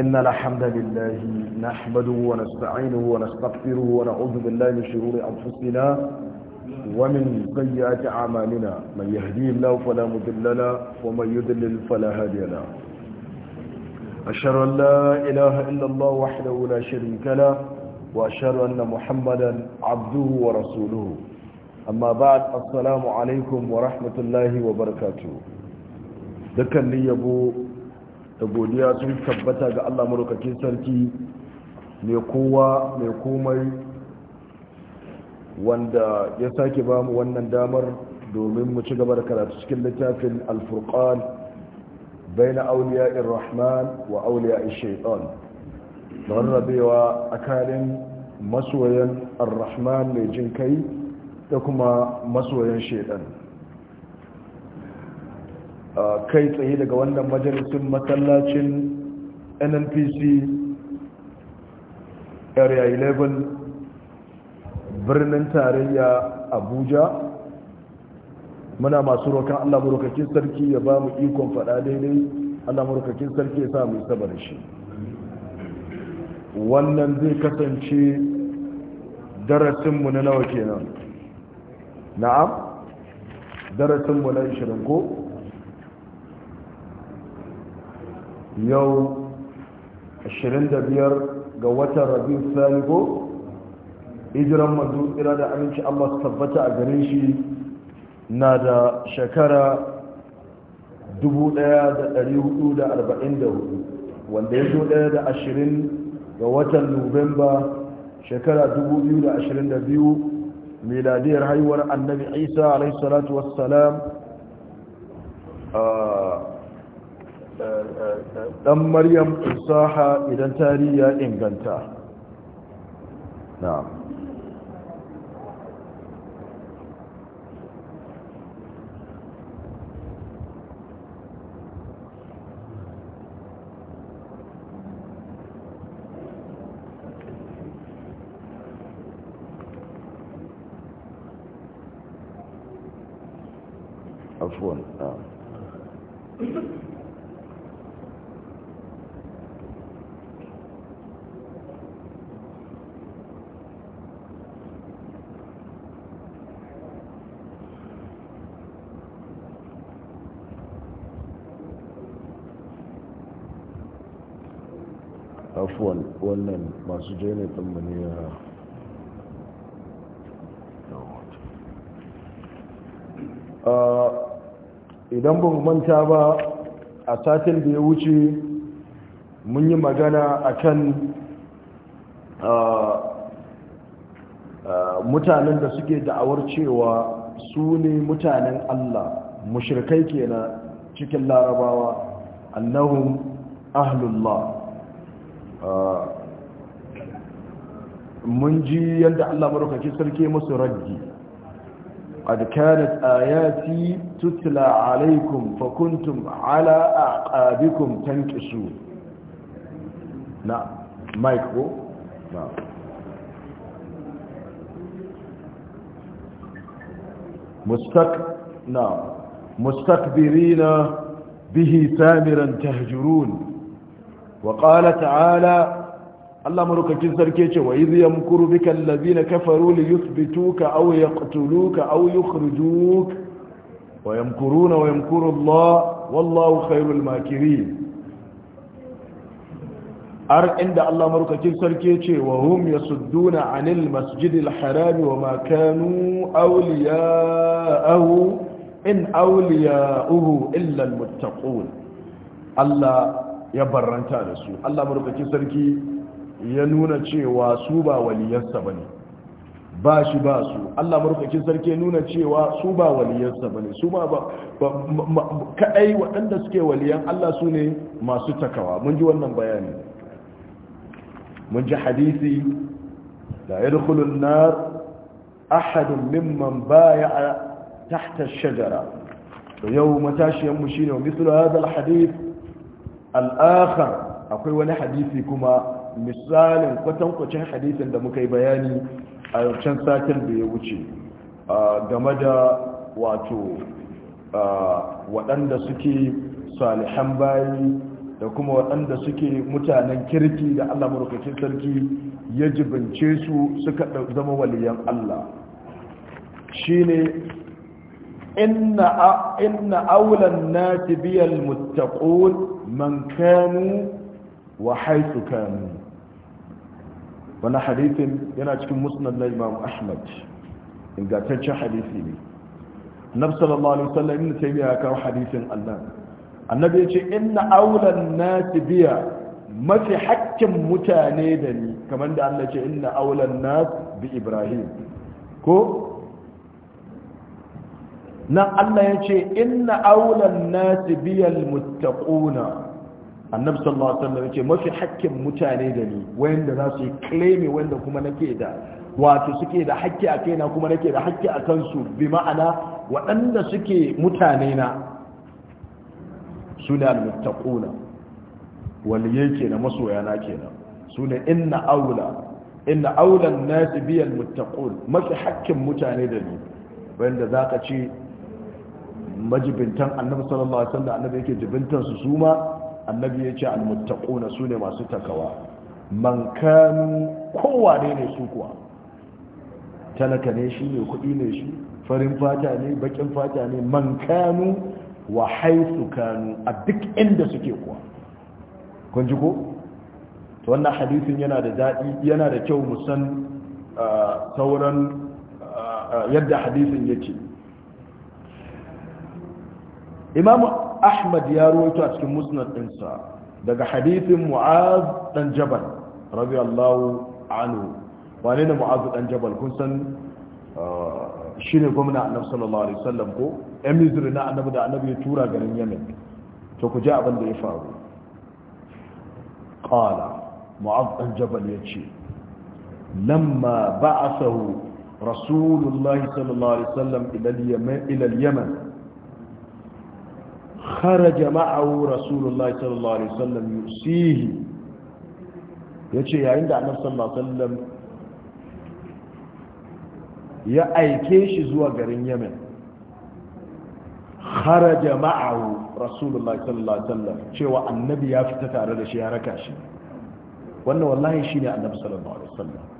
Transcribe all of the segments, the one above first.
إن الحمد لله نحمده ونستعينه ونستغفره ونعوذ بالله من شرور أنفسنا ومن سيئات أعمالنا من يهديه الله فلا مضل له ومن يضلل فلا هادي له أشهد أن لا إله إلا الله وحده لا شريك له وأشهد أن محمدا عبده ورسوله أما بعد السلام عليكم ورحمة الله وبركاته ذكر لي أبو da godiya sun tabbata ga Allah maraukakin sarki mai kowa mai komai wanda ya sake ba mu wannan damar domin mu ci gaba da karatu cikin littafin alfurqan baina auliya irrahman wa auliya shaitan don rabewa tsakanin masoyan arrahman mai jin kai da kuma masoyan shaitan kai tsaye daga wannan majalisun matsalacin nnpc area 11 birnin tarayya abuja muna masu rokan allah marukakin sarki ya ba mu ikon fada daidai allah marukakin sarki ya sa mu saba da shi wannan zai kasance darasinmu na nawa kenan na'am darasinmu na 20 ko yau 25 ga watan rabiu sani ko hijiran manzo tsira da aminci Allah su tabbata a garin shi na da shekara 1444 wanda ya zo daya da 20 ga watan nuwamba shekara 2022 miladiyar haihuwar annabi isa alaihissalatu wassalam dan maryam saha idan tarihi ya inganta na'am Thank you. afuwan wannan masu jene ɗinmu ne uh, uh, idan ban manta ba a satin da ya wuce mun yi magana a kan uh, mutanen da suke da'awar cewa su ne mutanen Allah mushirikai kenan cikin larabawa annahum ahlullah آه. منجي ji الله مروكا marukaci sarki musu قد كانت آياتي تتلى عليكم فكنتم على أعقابكم تنكسون نعم مايكو نعم مستك نعم مستكبرين به سامرا تهجرون وقال تعالى الله مروك جزر كيش وإذ يمكر بك الذين كفروا ليثبتوك أو يقتلوك أو يخرجوك ويمكرون ويمكر الله والله خير الماكرين أر عند الله مروك جزر كيش وهم يصدون عن المسجد الحرام وما كانوا أولياءه إن أولياءه إلا المتقون الله ya barranta da su Allah murkaki sarki ya nuna cewa su ba waliyarsa ne ba shi ba su Allah murkaki sarki ya nuna cewa su ba waliyarsa ne su ma ba kadai waɗanda suke waliyan Allah su ne masu takawa mun ji wannan bayani mun ji hadisi da la yadkhulun nar ahadun mimman baya a ash-shajara yau matashiyan mu shine mislu hadha al-hadith al'akhar akwai wani hadisi kuma misalin kwatankwacin hadisin da muka yi bayani a can satin da ya wuce game da wato waɗanda suke salihan bayi da kuma waɗanda suke mutanen kirki da allah marukacin sarki ya jibince su suka zama waliyan allah shi ne inna aulan na tibiyar mutakon man kanu wa haitu kanu wani hadithin yana cikin musnad na imam ahmad ingantaccen hadithi ne annabi sallallahu alaihi wasallam ibn taymiya ya kawo hadithin Allah annabi ya ce inna awlan nasi biya mafi haƙƙin mutane da ni kamar da Allah ce inna awlan nas bi ibrahim ko nan Allah ya ce inna aulan nasi biyal muttaquna annabi sallallahu alaihi wasallam ya ce mafi hakkin mutane da ni wanda za su yi claim wanda kuma nake da wato suke da hakki a kaina kuma nake da hakki a kansu bi ma'ana waɗanda suke mutane na suna muttaquna waliyai kenan masoya na kenan sune inna aula inna aulan nasi biyal muttaqun mafi hakkin mutane da ni wanda zaka ce majibintan annabi sallallahu alaihi wasallam annabi yake jibintan su suma annabi yake almuttaquna sune masu takawa man kanu kowa ne ne su kuwa talaka ne shi ne kudi ne shi farin fata ne bakin fata ne man kanu wa haisu kanu a duk inda suke kuwa kun ji ko to wannan hadisin yana da daɗi, yana da kyau mu san uh, sauran uh, uh, yadda hadisin yake imam ahmad ya ruwaito a cikin musnad ɗinsa daga hadithin mu'az dan jabal radiyallahu anhu wane ne mu'az dan jabal kun san uh, shi ne gwamna annabi sallallahu alaihi wasallam ko emir na annabi da annabi ya tura garin yemen to ku ji abin da ya faru qala mu'az dan jabal yace lamma ba'athahu rasulullahi sallallahu alaihi wasallam ila al-yaman kharaja jama'a rasulullahi sallallahu alaihi wasallam yusihi yace yayin da annabi sallallahu ya aike shi zuwa garin Yemen kharaja ma'ahu rasulullahi sallallahu alaihi wasallam cewa annabi ya fita tare da shi ya raka shi wannan wallahi shine annabi sallallahu alaihi wasallam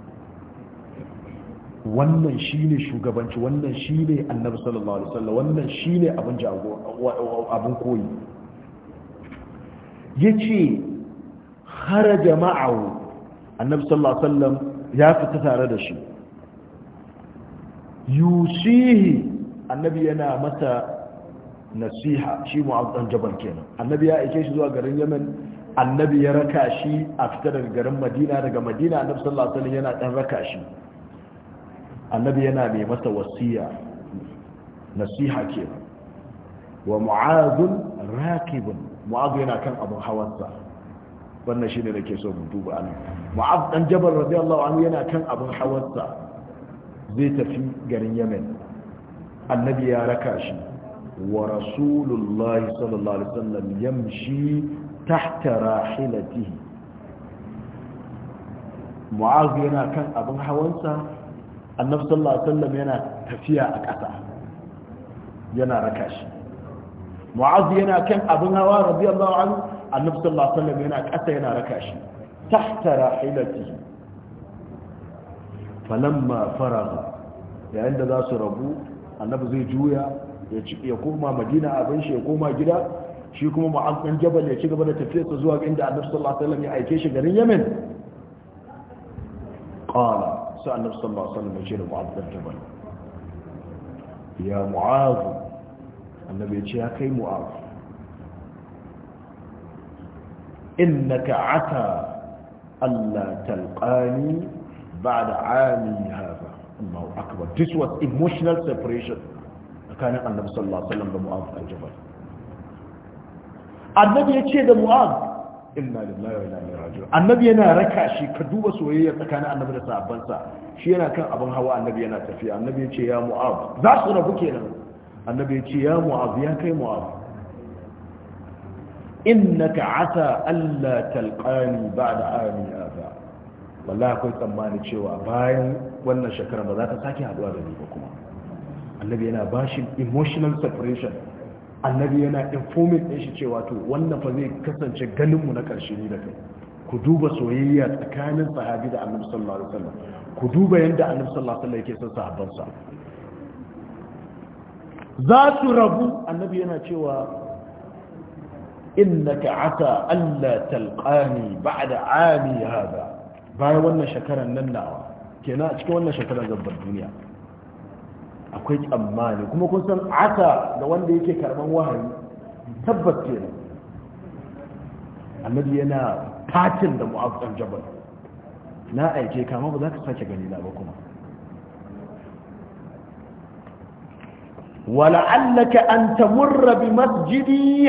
wannan shine shugabanci wannan shine annabi sallallahu alaihi wasallam wannan shine abin jago abin koyi yace kharaja ma'ahu annabi sallallahu alaihi wasallam ya fita tare da shi yusihi annabi yana mata nasiha shi mu'azzan jabal kenan annabi ya aike shi zuwa garin Yemen annabi ya raka shi a fita daga garin Madina daga Madina annabi sallallahu alaihi wasallam yana dan raka shi annabi yana mai masa wasiya nasiha ke wa mu'azun rakibun mu'azu yana kan abin hawansa wannan shi ne da ke so mu duba an mu'az dan jabar Allah anhu yana kan abin hawansa zai tafi garin yemen annabi ya raka shi wa rasulullahi sallallahu alaihi sallam yamshi tahta rahilatihi mu'az yana kan abin hawansa annabi sallallahu alaihi wasallam yana tafiya a ƙasa yana raka shi mu'az yana kan abin hawa radiyallahu anhu annabi sallallahu alaihi wasallam yana ƙasa yana raka shi tahta rahilati falamma faragha yayin da za su rabu annabi zai juya ya ya koma madina abin shi ya koma gida shi kuma mu'az dan jabal ya ci gaba da tafiyarsa zuwa inda annabi sallallahu alaihi wasallam ya aike shi garin yemen qala سأل نفس صلى الله عليه وسلم الجبل يا معاذ النبي يجي هكي معاذ إنك عتى ألا تلقاني بعد عامي هذا الله أكبر This was emotional separation كان النبي صلى الله عليه وسلم بمعاذ الجبل النبي يجي ده معاذ inna lillahi wa inna ilaihi raji'un annabi yana raka shi ka duba soyayya tsakanin annabi da sahabbansa shi yana kan abin hawa annabi yana tafiya annabi ya ce ya mu'az za su rabu kenan annabi ya ce ya mu'az ya kai mu'az innaka ata alla talqani ba'da ami aza wallahi akwai tsammani cewa bayan wannan shekara ba za ta sake haduwa da ni ba kuma annabi yana bashin emotional separation annabi yana informin ɗin shi cewa to wannan fa zai kasance ganinmu na ƙarshe ni da kai ku duba soyayya tsakanin sahabi da annabi sallallahu alaihi wasallam ku duba yadda annabi sallallahu alaihi wasallam yake son sahabbansa za su rabu annabi yana cewa innaka ata alla talqani ba'da ami hada bayan wannan shekaran nan nawa kenan a cikin wannan shekaran zabbar duniya akwai tsammani kuma kun san ata da wanda yake karban wahayi tabbas kenan annabi yana fatin da mu'az dan jabal na aike kama ba za ka sake gani na ba kuma an ta hada wa تمر بمسجدي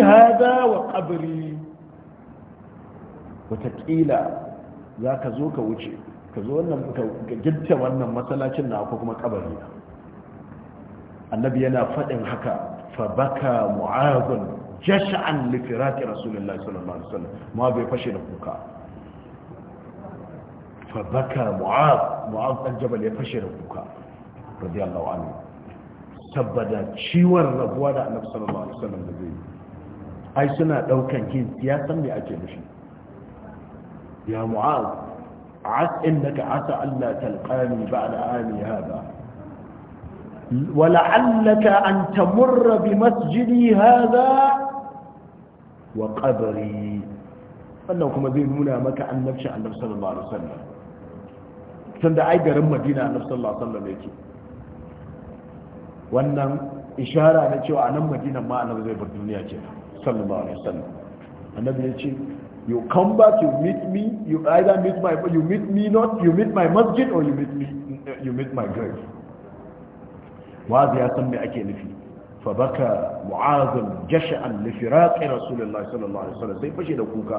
za ka zo ka wuce, ka zo wannan ka gidda wannan masallacin na akwai kuma kabari annabi yana faɗin haka fabaka mu'azun jash'an li firaqi rasulullahi sallallahu alaihi wasallam ma bai fashe da kuka fabaka mu'az mu'az dan jabal ya fashe da kuka radiyallahu anhu saboda ciwon rabuwa da annabi sallallahu alaihi wasallam da zai ai suna daukan hin ya san me ake nufi ya mu'az as innaka asa alla talqani ba'da ami hada ولعلك أن تمر بمسجدي هذا وقبري أنه كما ذي المنى مكا أن نفشى عن نفس الله عليه وسلم تند أي قرم مدينة عن نفس الله صلى الله عليه وسلم وأن إشارة نتشى وعن مدينة ما أنا بذيب الدنيا جاء صلى الله عليه وسلم النبي يتشى You come back, you meet me, you either meet my, you meet me not, you meet my masjid or you meet me, you meet my girl. mu'az ya san me ake nufi fa baka mu'az jash'an li firaq rasulullah sallallahu alaihi wasallam sai fashe da kuka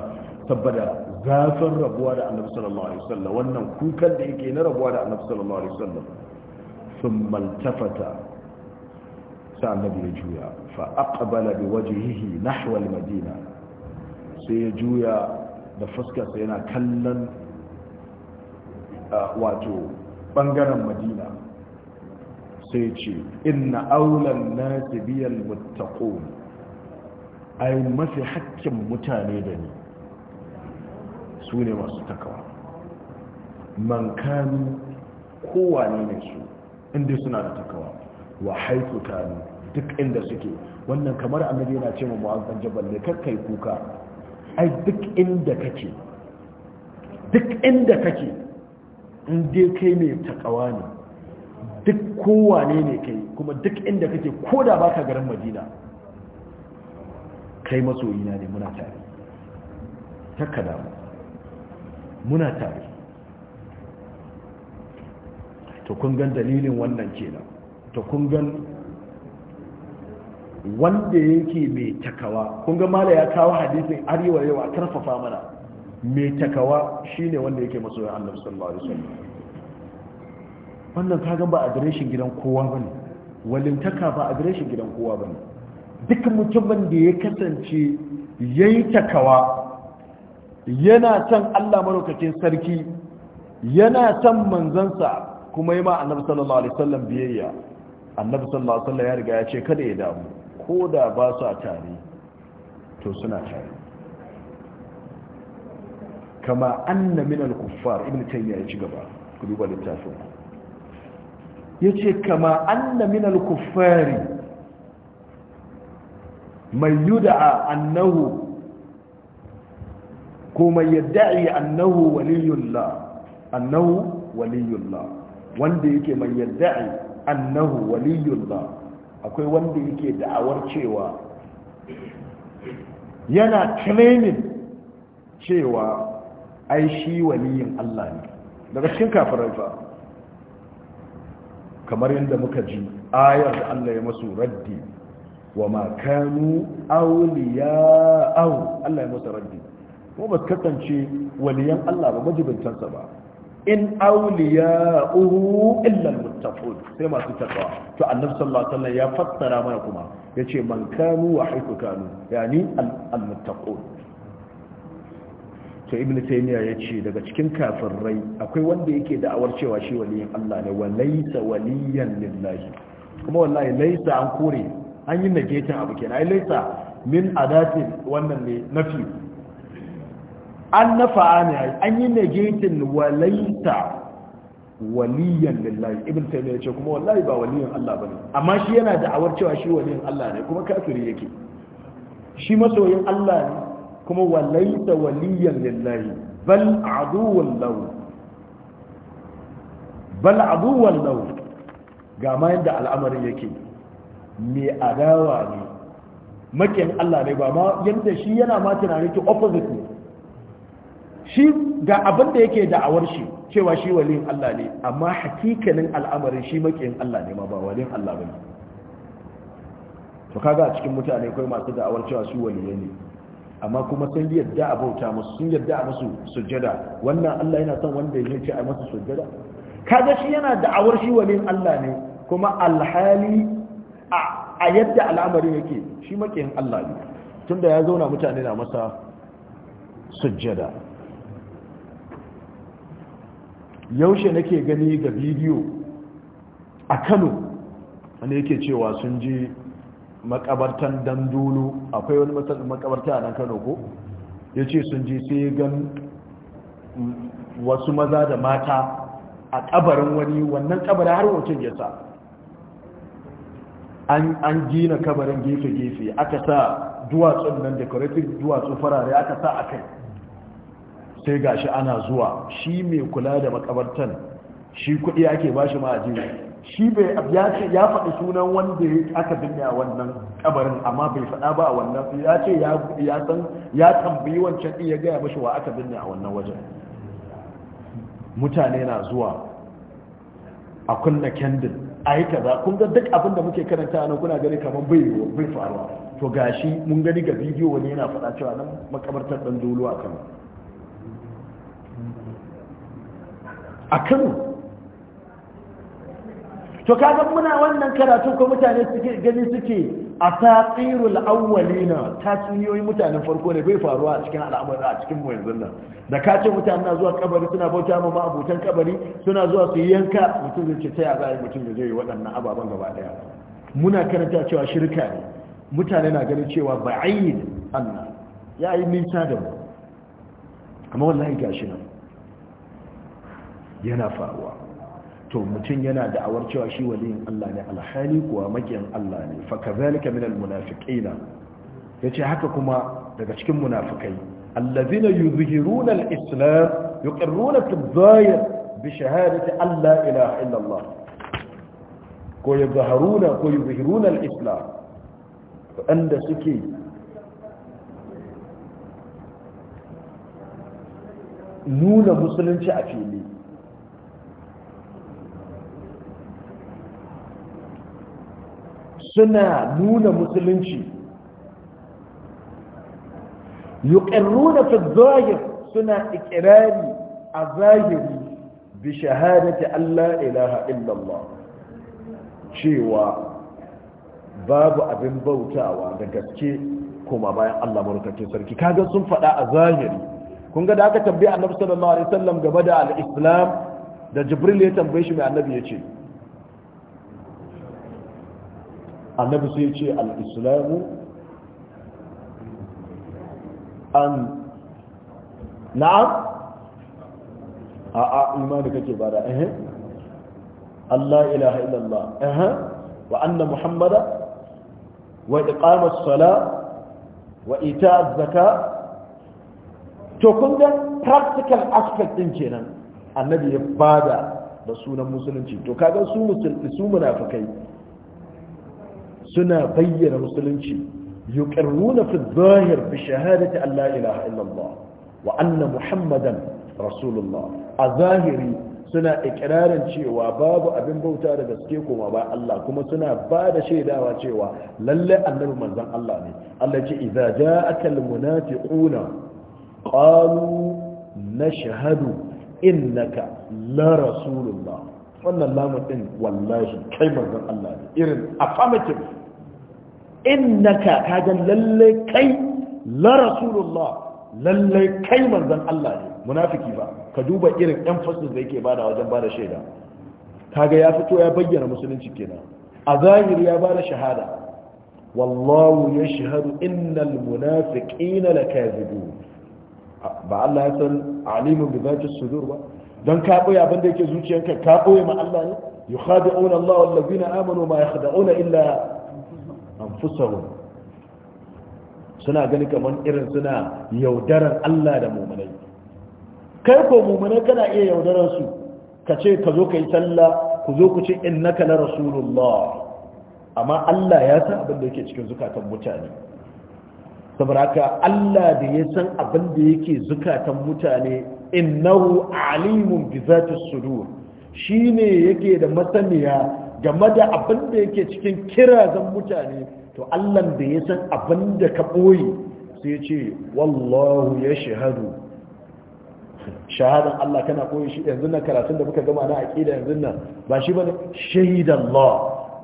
saboda zafin rabuwa da annabi sallallahu alaihi wasallam wannan kukan da yake na rabuwa da annabi sallallahu alaihi wasallam thumma altafata sai annabi ya juya fa aqbala bi wajhihi nahwa al-madina sai ya juya da fuskarsa yana kallon ah, wato bangaren madina sai ce inna aulan nasi biyal muttaqun ai mafi hakkin mutane da ni su ne masu takawa man kanu kowane ne su inda suna da takawa wa haiku kanu duk inda suke wannan kamar annabi yana ce mu mu'azzan jabal ne kakkai kuka ai duk inda kake duk inda kake in dai kai mai takawa ne duk kowane ne kai kuma duk inda kake ko da baka garin madina kai masoyina ne muna tare takka damu muna tare to kun gan dalilin wannan kenan to kun gan wanda yake mai takawa kun gan mala ya kawo hadisin arewa yawa a karfafa mana mai takawa shine wanda yake masoyin annabi sallallahu alaihi wasallam wannan kagan ba a direshin gidan kowa ba ne walintaka ba a direshin gidan kowa ba ne duk mutumin da ya kasance ya yi takawa yana son allah marokacin sarki yana son manzansa kuma yi ma annabi sallallahu alaihi wasallam biyayya annabi sallallahu alaihi wasallam ya riga ya ce kada ya damu ko da ba a tare to suna tare kama anna min al-kuffar ibn taymiya ya ci gaba ku duba littafin yace kama anna min al-kuffari man yud'a annahu ko mai man yad'i annahu waliyullah annahu waliyullah wanda yake mai man yad'i annahu waliyullah akwai wanda yake da'awar cewa yana claiming cewa ai shi waliyin Allah ne daga cikin kafirai fa kamar yadda muka ji ayar da Allah ya masu raddi wa makanu auliya au Allah ya masu raddi ko ba kasance waliyan Allah ba majibintansa ba in auliya uhu illal muttaqun sai masu takawa to annabi sallallahu alaihi wasallam ya fassara mana kuma yace man kanu wa haythu kanu yani al muttaqun to ibn taymiya yace daga cikin kafirai akwai wanda yake da'awar cewa shi waliyin Allah ne walaysa waliyan lillahi kuma wallahi laysa an kore an yi negating abu kenan ai laysa min adati wannan ne nafi an nafa ne an yi negating wa laysa waliyan lillahi ibn taymiya yace kuma wallahi ba waliyin Allah bane amma shi yana da'awar cewa shi waliyin Allah ne kuma kafiri yake shi masoyin Allah ne kuma walaita waliyan lillahi bal aduwwan lahu bal aduwwan lahu ga ma yadda al'amarin yake me adawa ne makiyan Allah ne ba ma yadda shi yana ma tunanin ki opposite ne shi ga abin da yake da'awar shi cewa shi waliyan Allah ne amma hakikanin al'amarin shi makiyan Allah ne ma ba waliyan Allah bane to kaga a cikin mutane akwai masu da'awar cewa su waliyai ne amma kuma sun yadda a bauta musu sun yadda a musu sujjada wannan Allah yana son wanda ya ce a musu sujjada kaga shi yana da'awar shi walin Allah ne kuma alhali a yadda al'amarin yake shi makiyin Allah ne tunda ya zauna mutane na masa sujjada yaushe nake gani ga bidiyo a Kano wanda yake cewa sun je makabartan dandulu akwai wani makabarta a nan kano ko ya ce sun je sai gan wasu maza da mata a kabarin wani wannan kabarin har wacin ya sa an gina kabarin gefe-gefe aka sa duwatsun nan decorative duwatsu farare aka sa a kai sai gashi ana zuwa shi mai kula da makabartan shi kudi ake bashi ma'ajiyar shi bai ya ce ya faɗi sunan wanda ya aka binne a wannan kabarin amma bai faɗa ba a wannan ya ce ya tambayi wancan ɗin ya gaya mashi wa aka binne a wannan wajen mutane na zuwa a kunna kendin a yi kaza kun ga duk abin da muke karanta nan kuna gani kamar bai faruwa to gashi mun gani ga bidiyo wani yana faɗa cewa nan makabartar ɗan dolo a kano a kano to kaga muna wannan karatu ko mutane suke gani suke a asatirul awwalina tsiyoyi mutanen farko ne bai faruwa a cikin al'amari a cikin mu yanzu nan da ka ce mutane na zuwa kabari suna bauta ma abutan kabari suna zuwa su yanka mutum zai ce ta ya yi mutum da zai yi waɗannan ababen gaba ɗaya muna karanta cewa shirka ne mutane na ganin cewa ba'id Allah ya yi nisa da mu amma wallahi gashi nan yana faruwa to mutum yana da'awar cewa shi waliyin Allah ne alhali kuwa makiyan Allah ne fa kazalika minal munafiqina yace haka kuma daga cikin munafikai allazina yuzhiruna al yuqirruna fi bi shahadati an ilaha illa Allah ko yuzharuna ko yuzhiruna al wanda suke nuna musulunci a fili suna nuna musulunci yuqirruna fi zahir suna ikirari a zahiri bi shahadati Allah ilaha illallah cewa babu abin bautawa da gaske kuma bayan Allah marukacin sarki kaga sun faɗa a zahiri kun ga da aka tambaye annabi sallallahu alaihi wasallam game da al-islam da jibril ya tambaye shi mai annabi ya ce annabi sai ce al-islamu an na'am a a imani kake da. eh Allah ilaha illallah eh wa anna muhammada wa iqamas sala wa itaaz zaka. to kun ga practical aspect din kenan annabi ya bada da sunan musulunci to kaga su musulmi su munafikai suna bayyana musulunci yuqirruna fi zahir bi shahadati an la ilaha illallah wa anna muhammadan rasulullah a zahiri suna ikirarin cewa babu abin bauta da gaske koma ba Allah kuma suna ba da shaidawa cewa lalle annabi manzon Allah ne Allah ce idza ja'aka almunafiquna qalu nashhadu innaka la rasulullah wannan lamun din wallahi kai manzon Allah ne irin affirmative innaka kaga lalle kai la rasulullah lalle kai manzon Allah ne munafiki ba ka duba irin emphasis da yake bada wajen bada shaida kaga ya fito ya bayyana musulunci kenan a zahiri ya bada shahada wallahu yashhadu innal munafiqina lakazibun ba Allah ya san alimun bi zati sudur ba don ka ɓoye abin da yake zuciyarka, ka ɓoye ma Allah ne yukhadi'una Allah wallazina amanu ma Auna, illa anfusahum suna gani kamar irin suna yaudaran Allah da mumunai kai ko mumunai kana iya yaudaran su ka ce ka zo ka yi sallah ku zo ku ce naka na rasulullah amma Allah ya san abin da yake cikin zukatan mutane saboda haka Allah da ya san abin da yake zukatan mutane innahu alimun bi zati sudur shine yake da masaniya game da abin da yake cikin kirazan mutane to Allah da ya san abin da ka boye sai ya ce wallahu ya shahadu shahadan Allah kana koyi shi yanzu na karatun da muka gama na aqida yanzu nan ba shi bane shahidallah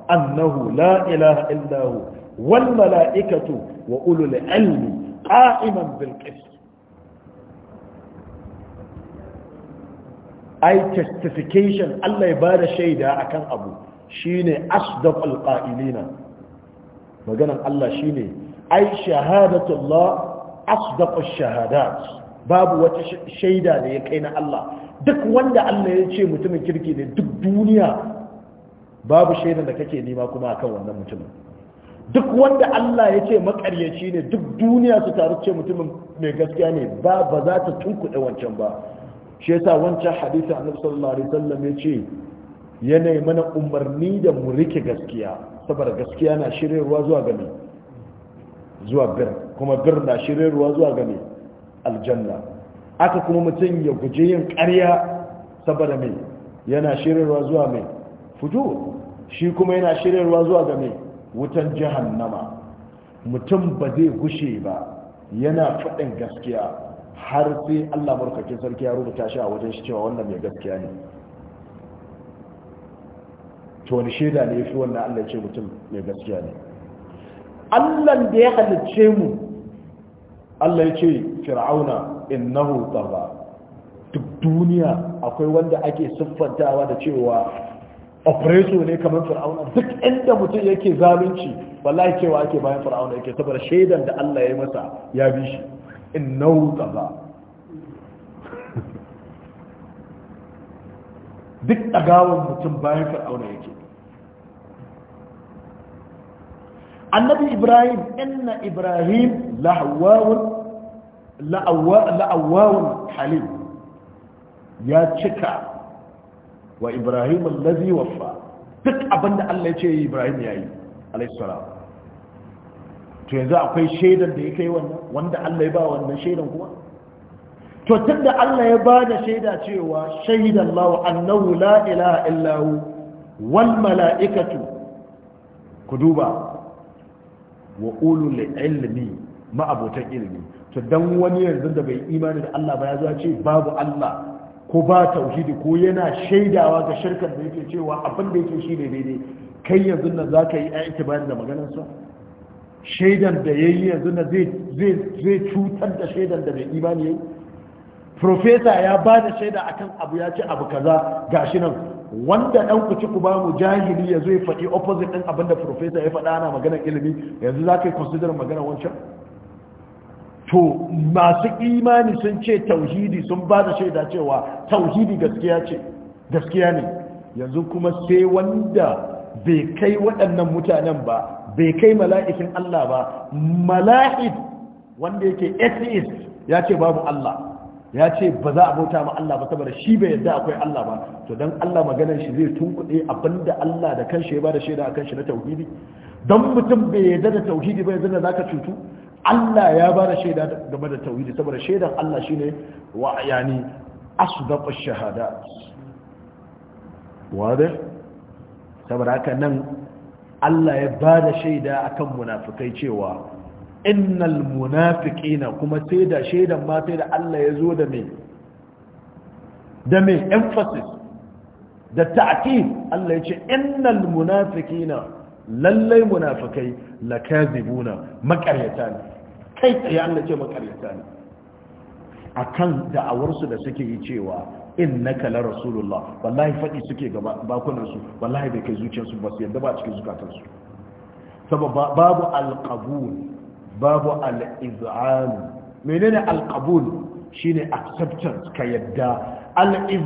annahu la ilaha illa wal malaikatu wa ulul ilmi qa'iman bil qist ai testification Allah ya bada shaida akan abu shine asdaqul qa'ilina maganan Allah shine ai shahadatullah asdaqul shahadat babu wata shaida da ya kai na Allah duk wanda Allah ya ce mutumin kirki ne duk duniya babu shaida da kake nema kuma akan wannan mutumin duk wanda Allah ya ce makaryaci ne duk duniya su taru ce mutumin mai gaskiya ne ba ba za ta tunkuɗe wancan ba shi yasa wancan hadisin annabi sallallahu alaihi wasallam ya ce yanayi mana umarni da mu rike gaskiya saboda gaskiya na shiryarwa zuwa gani zuwa bir kuma bir na shiryarwa zuwa gani aljanna aka kuma mutum ya guje yin ƙarya saboda me yana shiryarwa zuwa mai fujo shi kuma yana shiryarwa zuwa ga wutan jahannama mutum ba zai gushe ba yana faɗin gaskiya har sai Allah barkakin sarki ya rubuta shi a wajen shi cewa wannan mai gaskiya ne to wani shaida ne ya fi wannan Allah ce mutum mai gaskiya ne Allah da ya halicce mu Allah ya ce fir'auna innahu tagha duk duniya akwai wanda ake siffantawa da cewa operator ne kamar fir'auna duk inda mutum yake zalunci wallahi cewa ake bayan fir'auna yake saboda shaidan da Allah ya yi masa ya bi shi innahu duk ɗagawan mutum bayan fir'auna yake annabi ibrahim inna ibrahim la'awawun halim ya cika wa ibrahim allazi waffa duk abinda allah ya ce ibrahim ya yi alaihissalam to yanzu akwai shaidar da ya kai wannan wanda allah ya ba wannan shaidar kuma to da Allah ya bada shaida cewa shaidan annahu la ilaha illahu wal mala'ikatu ku duba wa ulul ilmi ma'abotan ilmi to dan wani yanzu da bai imani da Allah ba ya zo ce babu Allah ko ba tauhidi ko yana shaidawa ga shirkar da yake cewa abin da yake shine daidai kai yanzu nan zaka yi aiki bayan da maganar sa shaidan da yayi yanzu nan zai zai cutar da shaidan da bai imani yayi profesa ya ba da shaida akan abu ya ce abu kaza gashi nan wanda dan ku ku ba mu jahili ya zo ya faɗi opposite ɗin abin da profesa ya faɗa ana maganar ilimi yanzu za ka yi consider maganar wancan to masu imani sun ce tauhidi sun ba da shaida cewa tauhidi gaskiya ce gaskiya ne yanzu kuma sai wanda bai kai waɗannan mutanen ba bai kai mala'ikin Allah ba mala'id wanda yake atheist ya ce babu Allah ya ce ba za a bauta ma Allah ba saboda shi bai yadda akwai Allah ba to dan Allah maganar shi zai tunkuɗe abinda Allah da kanshi ya bada shaida akan shi na tauhidi dan mutum bai yadda da tauhidi ba yanzu da zaka cutu Allah ya bada shaida game da tauhidi saboda shaidan Allah shine wa yani asdaqu shahada wade saboda haka nan Allah ya bada shaida akan munafikai cewa innal munafiqina kuma sai da shaidan ma sai da Allah ya zo da mai da mai emphasis da ta'kid Allah ya ce innal munafiqina lallai munafikai lakazibuna makaryata ne kai tsaye Allah ce makaryata ne akan da'awarsu da suke yi cewa innaka la rasulullah wallahi fadi suke gaba bakunansu wallahi bai kai zuciyarsu ba su yadda ba cikin zukatansu saboda babu alqabul babu al-iz'an menene al shi ne acceptance ka yadda al ne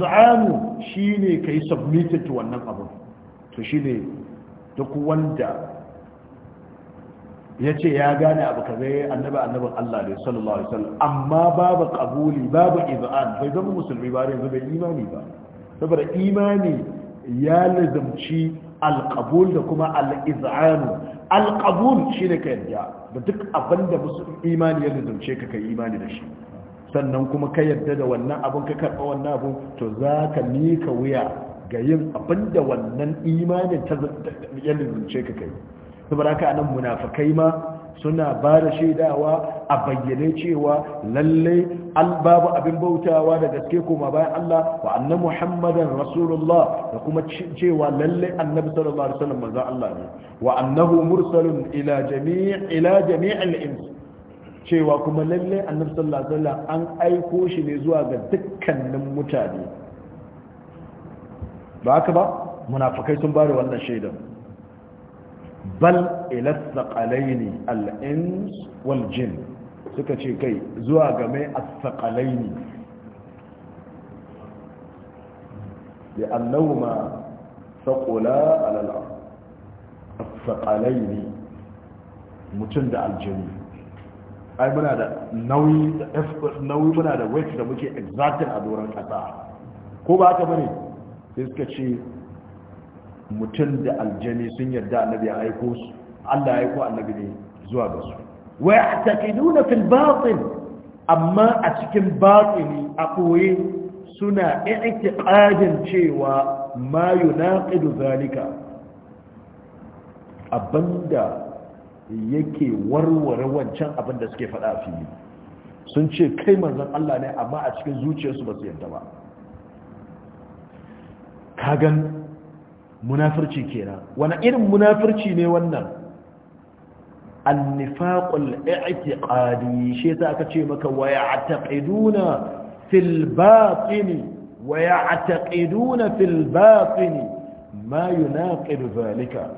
ka yi submitted to wannan abu to shi ne duk wanda ya ce ya gane abu ka kaza annabi annabin Allah da sallallahu alaihi wasallam amma babu qabuli babu iz'an bai zama musulmi ba yanzu bai imani ba saboda imani ya lazamci al-qabul da kuma al-iz'an alƙabul shi ne ka yarda da duk abin da musu imani ya lizance ka ka imani da shi sannan kuma ka yarda da wannan abin ka karɓa wannan abin to za ka mika wuya ga yin abin da wannan imanin ta ya lizance ka kai saboda haka anan munafakai ma suna ba da shaidawa a bayyane cewa lalle an babu abin bautawa da gaske kuma bayan Allah wa anna muhammadan rasulullah da kuma cewa lalle annabi sallallahu alaihi wasallam manzo Allah ne wa annahu mursalun ila jami' ila jami'il ins cewa kuma lalle annabi sallallahu alaihi wasallam an aiko shi ne zuwa ga dukkanin mutane ba haka ba munafikai sun bada wannan shaidan bal ne al'ins wal jin suka ce kai zuwa ga mai assaqalaini da annawma saƙola alala ne mutum da aljini ai muna da nauyi muna da weight da muke exactin a doron ƙasa ko ba ta bane sai suka ce mutum da aljani sun yarda annabi ya aiko su Allah ya aiko annabi ne zuwa ga su wa ya'taqiduna fil batin amma a cikin batini a koyi suna i'tiqadin cewa ma yunaqidu zalika abanda yake warware wancan abinda suke faɗa a fili sun ce kai manzon Allah ne amma a cikin zuciyarsu ba su yarda ba kagan Munafurci kenan wani irin munafurci ne wannan annifaqul i'tiqadi shi yasa aka ce maka wa ya'taqiduna fil batin wa ya'taqiduna fil batin ma yunaqidu zalika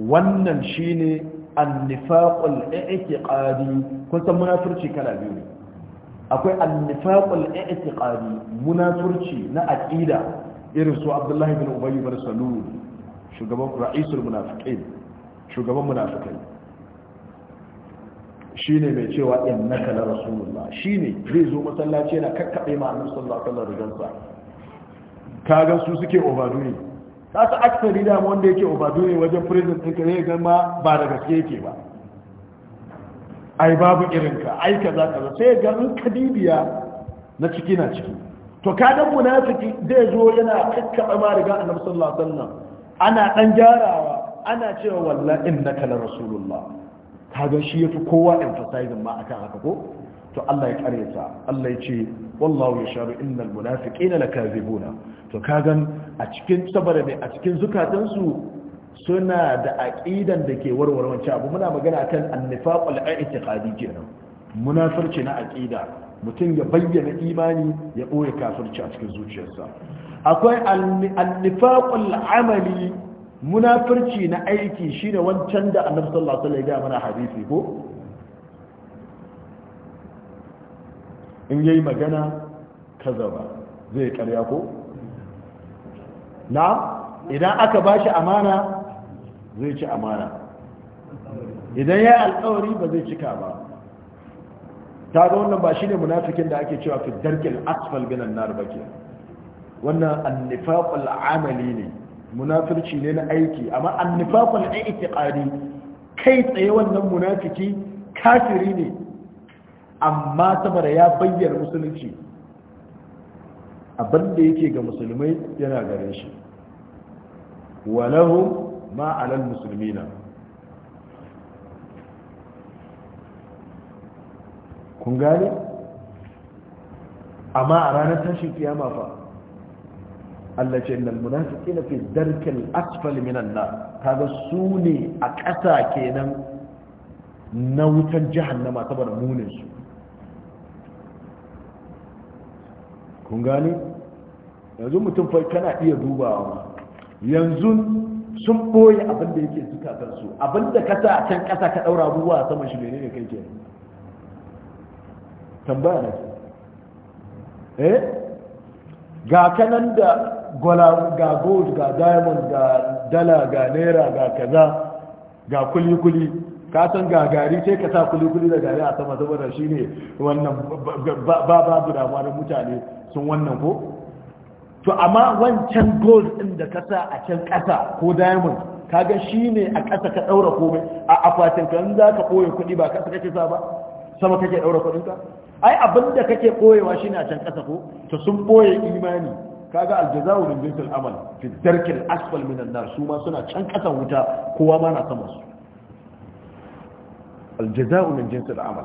wannan shine annifaqul i'tiqadi kun san munafurci kala biyu ne akwai annifaqul i'tiqadi munafurci na aqida irin su abdullahi bin ubayi bin salul shugaban ra'isul munafiqin shugaban munafikai shine mai cewa innaka la rasulullah shine zai zo masallaci yana kakkabe ma annabi sallallahu alaihi wasallam rigansa kaga su suke overdoing ka ta aksari da wanda yake overdoing wajen prison din kare ga ma ba da gaske yake ba ai babu irin ka ai kaza kaza sai ga in kadibiya na ciki na ciki to ka kaga munafiki zai zo yana kakkaba ma riga annabi sallallahu alaihi wasallam ana dan jarawa ana cewa wallahi innaka la rasulullah kaga shi yafi kowa emphasizing ma akan haka ko to Allah ya kare ta Allah ya ce wallahu yashhadu innal munafiqina lakazibuna to kagan a cikin saboda mai a cikin zukatansu suna da aqidan da ke warware wancan abu muna magana akan annifaqul i'tiqadi kenan munafirci na aqida mutum ya bayyana imani ya ɓoye kafirci a cikin zuciyarsa akwai annifaqul amali munafirci na aiki shine wancan da annabi sallallahu alaihi wasallam ya mana hadisi ko in yayi magana kaza ba zai karya ko na idan aka bashi amana zai ci amana idan ya alƙawari ba zai cika ba ta ga wannan ba ne munafikin da ake cewa fi darkil asfal min an-nar wannan an amali ne munafirci ne na aiki amma an-nifaq itiqadi kai tsaye wannan munafiki kafiri ne amma saboda ya bayyana musulunci abin da yake ga musulmai yana gare shi Walahu ma alal muslimina kun gane amma a ranar tashin kiyama fa Allah ce innal munafiqina fi darkin asfali minan nar kaga su ne a ƙasa kenan na wutan jahannama saboda munin su kun gane yanzu mutum fa kana iya dubawa yanzu sun boye abinda da yake zukatar su abin da ka sa a can ƙasa ka ɗaura abubuwa saman shi ne ne kai kenan tambaya na eh ga kanan da gola ga gold ga diamond ga dala ga naira ga kaza ga kuli-kuli ka san ga gari sai ka sa kuli-kuli da gari a sama saboda shi ne wannan ba ba damuwa da mutane sun wannan ko to amma wancan gold ɗin da ka sa a can ƙasa ko diamond kaga shi ne a ƙasa ka ɗaura komai a akwatin kan za ka ɓoye kuɗi ba ƙasa kake sa ba sama kake ɗaura kuɗinka ai abinda kake koyewa shi ne a can ƙasa ko to sun boye imani kaga aljazawu min bisul amal fi darkil asfal min an-nar su ma suna can ƙasa wuta kowa ma na sama su aljazawu min jinsil amal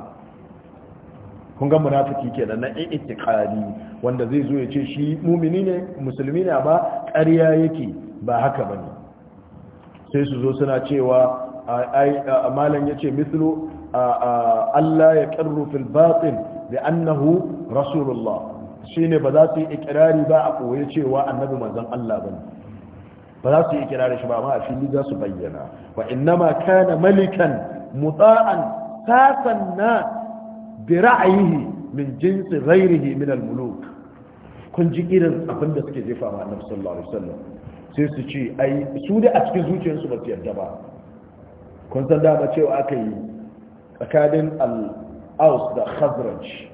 kun ga munafiki kenan na itiqadi wanda zai zo ya ce shi mumini ne musulmi ne ba ƙarya yake ba haka bane sai su zo suna cewa malam yace mislu Allah ya qarru fil batin bi annahu rasulullah shine ba za yi ikirari ba a koya cewa annabi manzon Allah bane ba za su yi ikirari shi ba amma a fili za bayyana wa innama kana malikan muta'an sasanna bi ra'ayihi min jinsi ghairihi min al-muluk kun ji irin abin da suke jefa ma annabi sallallahu sai su ce ai su da a cikin zuciyarsu ba su yarda ba kun san dama cewa aka yi tsakanin aus da khazraj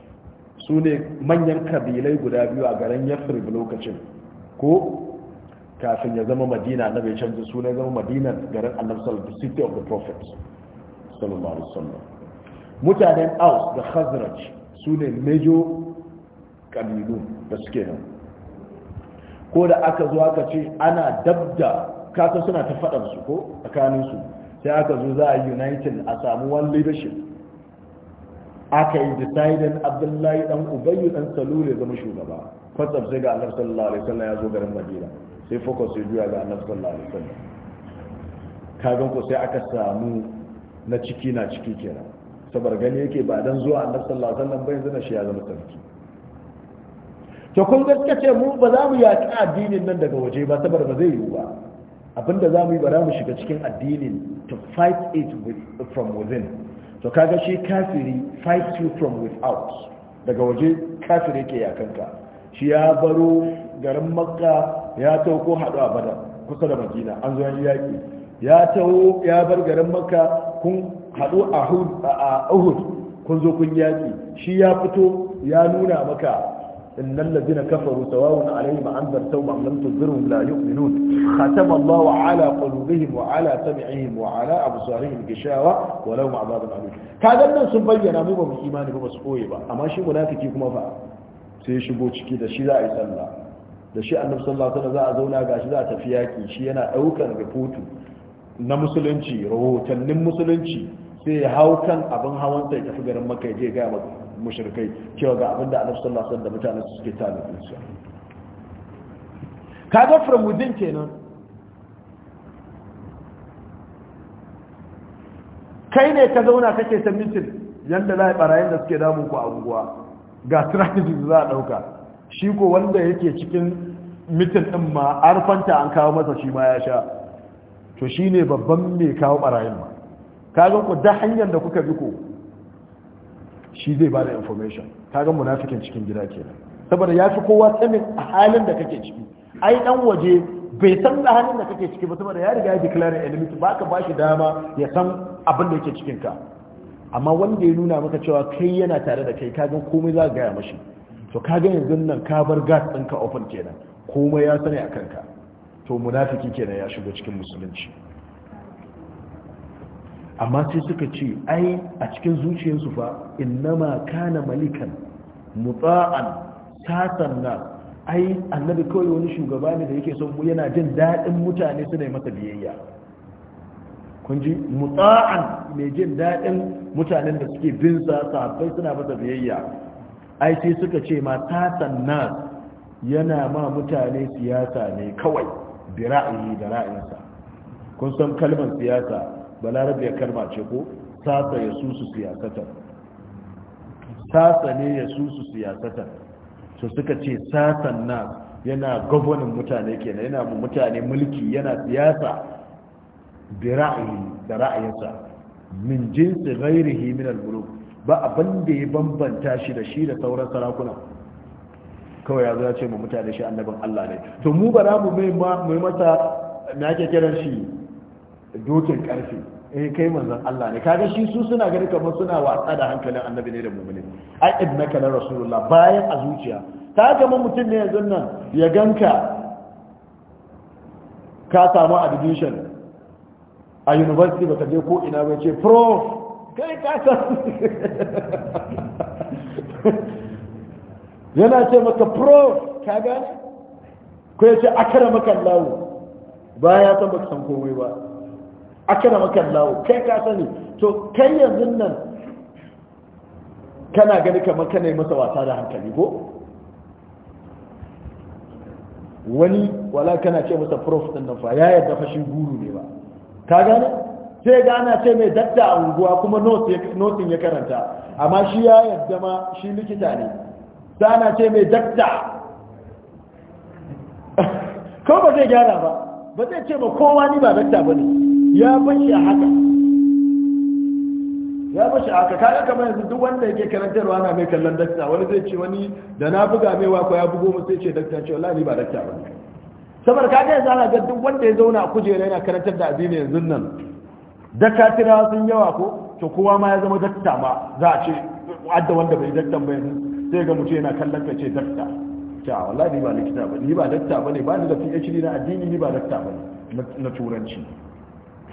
su ne manyan kabilai guda biyu a garin yathrib lokacin ko kafin ya zama madina na bai canza sunan zama madina garin annabi sallallahu alaihi city of the prophet sallallahu alaihi wasallam mutanen aus da khazraj su ne major kabilu da suke nan ko da aka zo aka ce ana dabda kasan suna ta su ko tsakaninsu sai aka zo za a united a samu one leadership aka yi decidin abdullahi dan ubayyu dan salul ya zama shugaba kwatsam sai ga annabi sallallahu alaihi wasallam ya zo garin madina sai focus ya juya ga annabi sallallahu alaihi wasallam kagan ko sai aka samu na ciki na ciki kenan sabar gani yake ba dan zuwa annabi sallallahu alaihi wasallam ba yanzu na shi ya zama sarki to kun gaske ce mu ba za mu yaƙi addinin nan daga waje ba saboda ba zai yiwu ba abinda za mu yi ba za mu shiga cikin addinin to fight it from within to kaga shi kafiri fight you from without daga waje kafiri ke yakanka shi ya baro garin makka ya tauko haɗu a badar kusa da madina an zo yaƙi ya taho ya bar garin makka kun haɗu a uhud kun zo kun yaki. shi ya fito ya nuna maka إن الذين كفروا سواء عليهم أنذرتهم أم لم تنذرهم لا يؤمنون ختم الله على قلوبهم وعلى سمعهم وعلى أبصارهم غشاوة ولهم عذاب أليم كذا من سبين أمو من إيمان بما سقوي أما شي منافقي كما فا sai shigo ciki da shi za a yi sallah da shi annabi sallallahu alaihi wasallam za a zauna gashi za a tafi yaki shi yana ɗaukan rubutu na musulunci rahotannin musulunci sai ya hau kan abin hawan sai tafi garin makka ya je ga maka mushrikai cewa ga abinda annabi sallallahu alaihi da mutanen suke tana dinsu kaga from within kenan kai ne ka zauna kake ta mitin yadda za a barayin da suke damun ku a unguwa ga strategy za a ɗauka shi ko wanda yake cikin mitin ɗin ma arfanta an kawo masa shi ma ya sha to shi ne babban mai kawo barayin ma kagan ku da hanyar da kuka bi ku shi zai bada information ga munafikin cikin gida kenan saboda ya fi kowa sanin a halin da kake ciki ai dan waje bai san da halin da kake ciki ba saboda ya riga ya declare enemy ba ka bashi dama ya san abin da yake cikin ka amma wanda ya nuna maka cewa kai yana tare da kai ka ga komai za ka gaya mashi to ka ga yanzu nan ka bar gas ɗinka open kenan komai ya sani a kanka to munafiki kenan ya shigo cikin musulunci amma sai suka ce ai a cikin zuciyarsu fa innama kana malikan muta'an satan na ai annabi kawai wani shugaba ne da yake son mu yana jin daɗin mutane suna yi masa biyayya kun ji muta'an mai jin daɗin mutanen da suke bin sa sahabbai suna masa biyayya ai sai suka ce ma satan na yana ma mutane siyasa ne kawai bi ra'ayi da ra'ayinsa kun san kalmar siyasa balarabe ya karma ce ko sasa ya susu sasa ne ya susu siyasatan su suka ce sasan na yana gwamnan mutane kenan yana mutane mulki yana siyasa da ra'ayi da ra'ayinsa min jinsi ghairihi min al ba abin da ya bambanta shi da shi da sauran sarakuna kawai ya zo ce mu mutane shi annabin Allah ne to mu ba za mu mai masa me ake kiran shi dokin karfe eh kai manzon Allah ne kaga shi su suna gani kamar suna wasa da hankalin annabi ne da mu'mini ai innaka la rasulullah bayan a zuciya ta ga mutum ne yanzu nan ya ganka ka samu admission a university baka je ko ina ba ce prof kai ka san yana ce maka prof kaga ko ya ce akara maka lawo ba san baka san komai ba akira maka lawo kai ka sani to kai yanzu nan kana gani kamar kana yi masa wasa da hankali ko wani wala kana ce masa prof din nan fa ya yadda fa shi guru ne ba ka gane sai ana ce mai dadda a unguwa kuma notin ya karanta amma shi ya yadda ma shi likita ne ana ce mai dadda ko ba zai gyara ba ba zai ce ba kowa ni ba dadda ba ne ya bashi a haka ya bashi a haka kaga kamar yanzu duk wanda yake karantarwa na mai kallon dakta wani zai ce wani da na buga mai wako ya bugo mu sai ce dakta ce wallahi ni ba dakta ba saboda kaga yanzu ana ga duk wanda ya zauna a kujera yana karantar da addini yanzu nan dakatira sun yawa ko to kowa ma ya zama dakta ma za a ce adda wanda bai daktan ba yanzu sai ga mutum yana kallon ka ce dakta ta wallahi ni ba likita ba ni ba dakta ba ne ba ni da PhD na addini ni ba dakta ba ne na turanci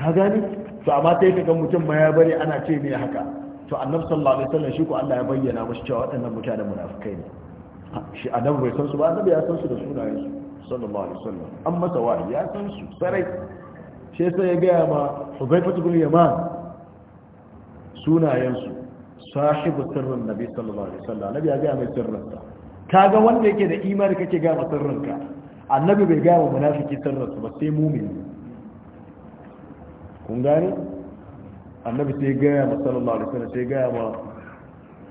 ka gani to amma sai ka ga mutum ma ya bari ana ce mai haka to annabi sallallahu alaihi wasallam shi ko Allah ya bayyana mashi cewa waɗannan mutane munafikai ne shi annabi bai san su ba annabi ya san su da sunayen su sallallahu alaihi wasallam an masa wa ya san su sarai shi sai ya ga ma Hubayfatu bin Yaman sunayen su sahibu sirrin nabi sallallahu alaihi wasallam annabi ya ga mai sirrin sirrinsa kaga wanda yake da imani kake ga sirrinka annabi bai ga wa munafiki su ba sai mu'mini kun gani annabi sai gaya ma sallallahu alaihi wasallam sai gaya ma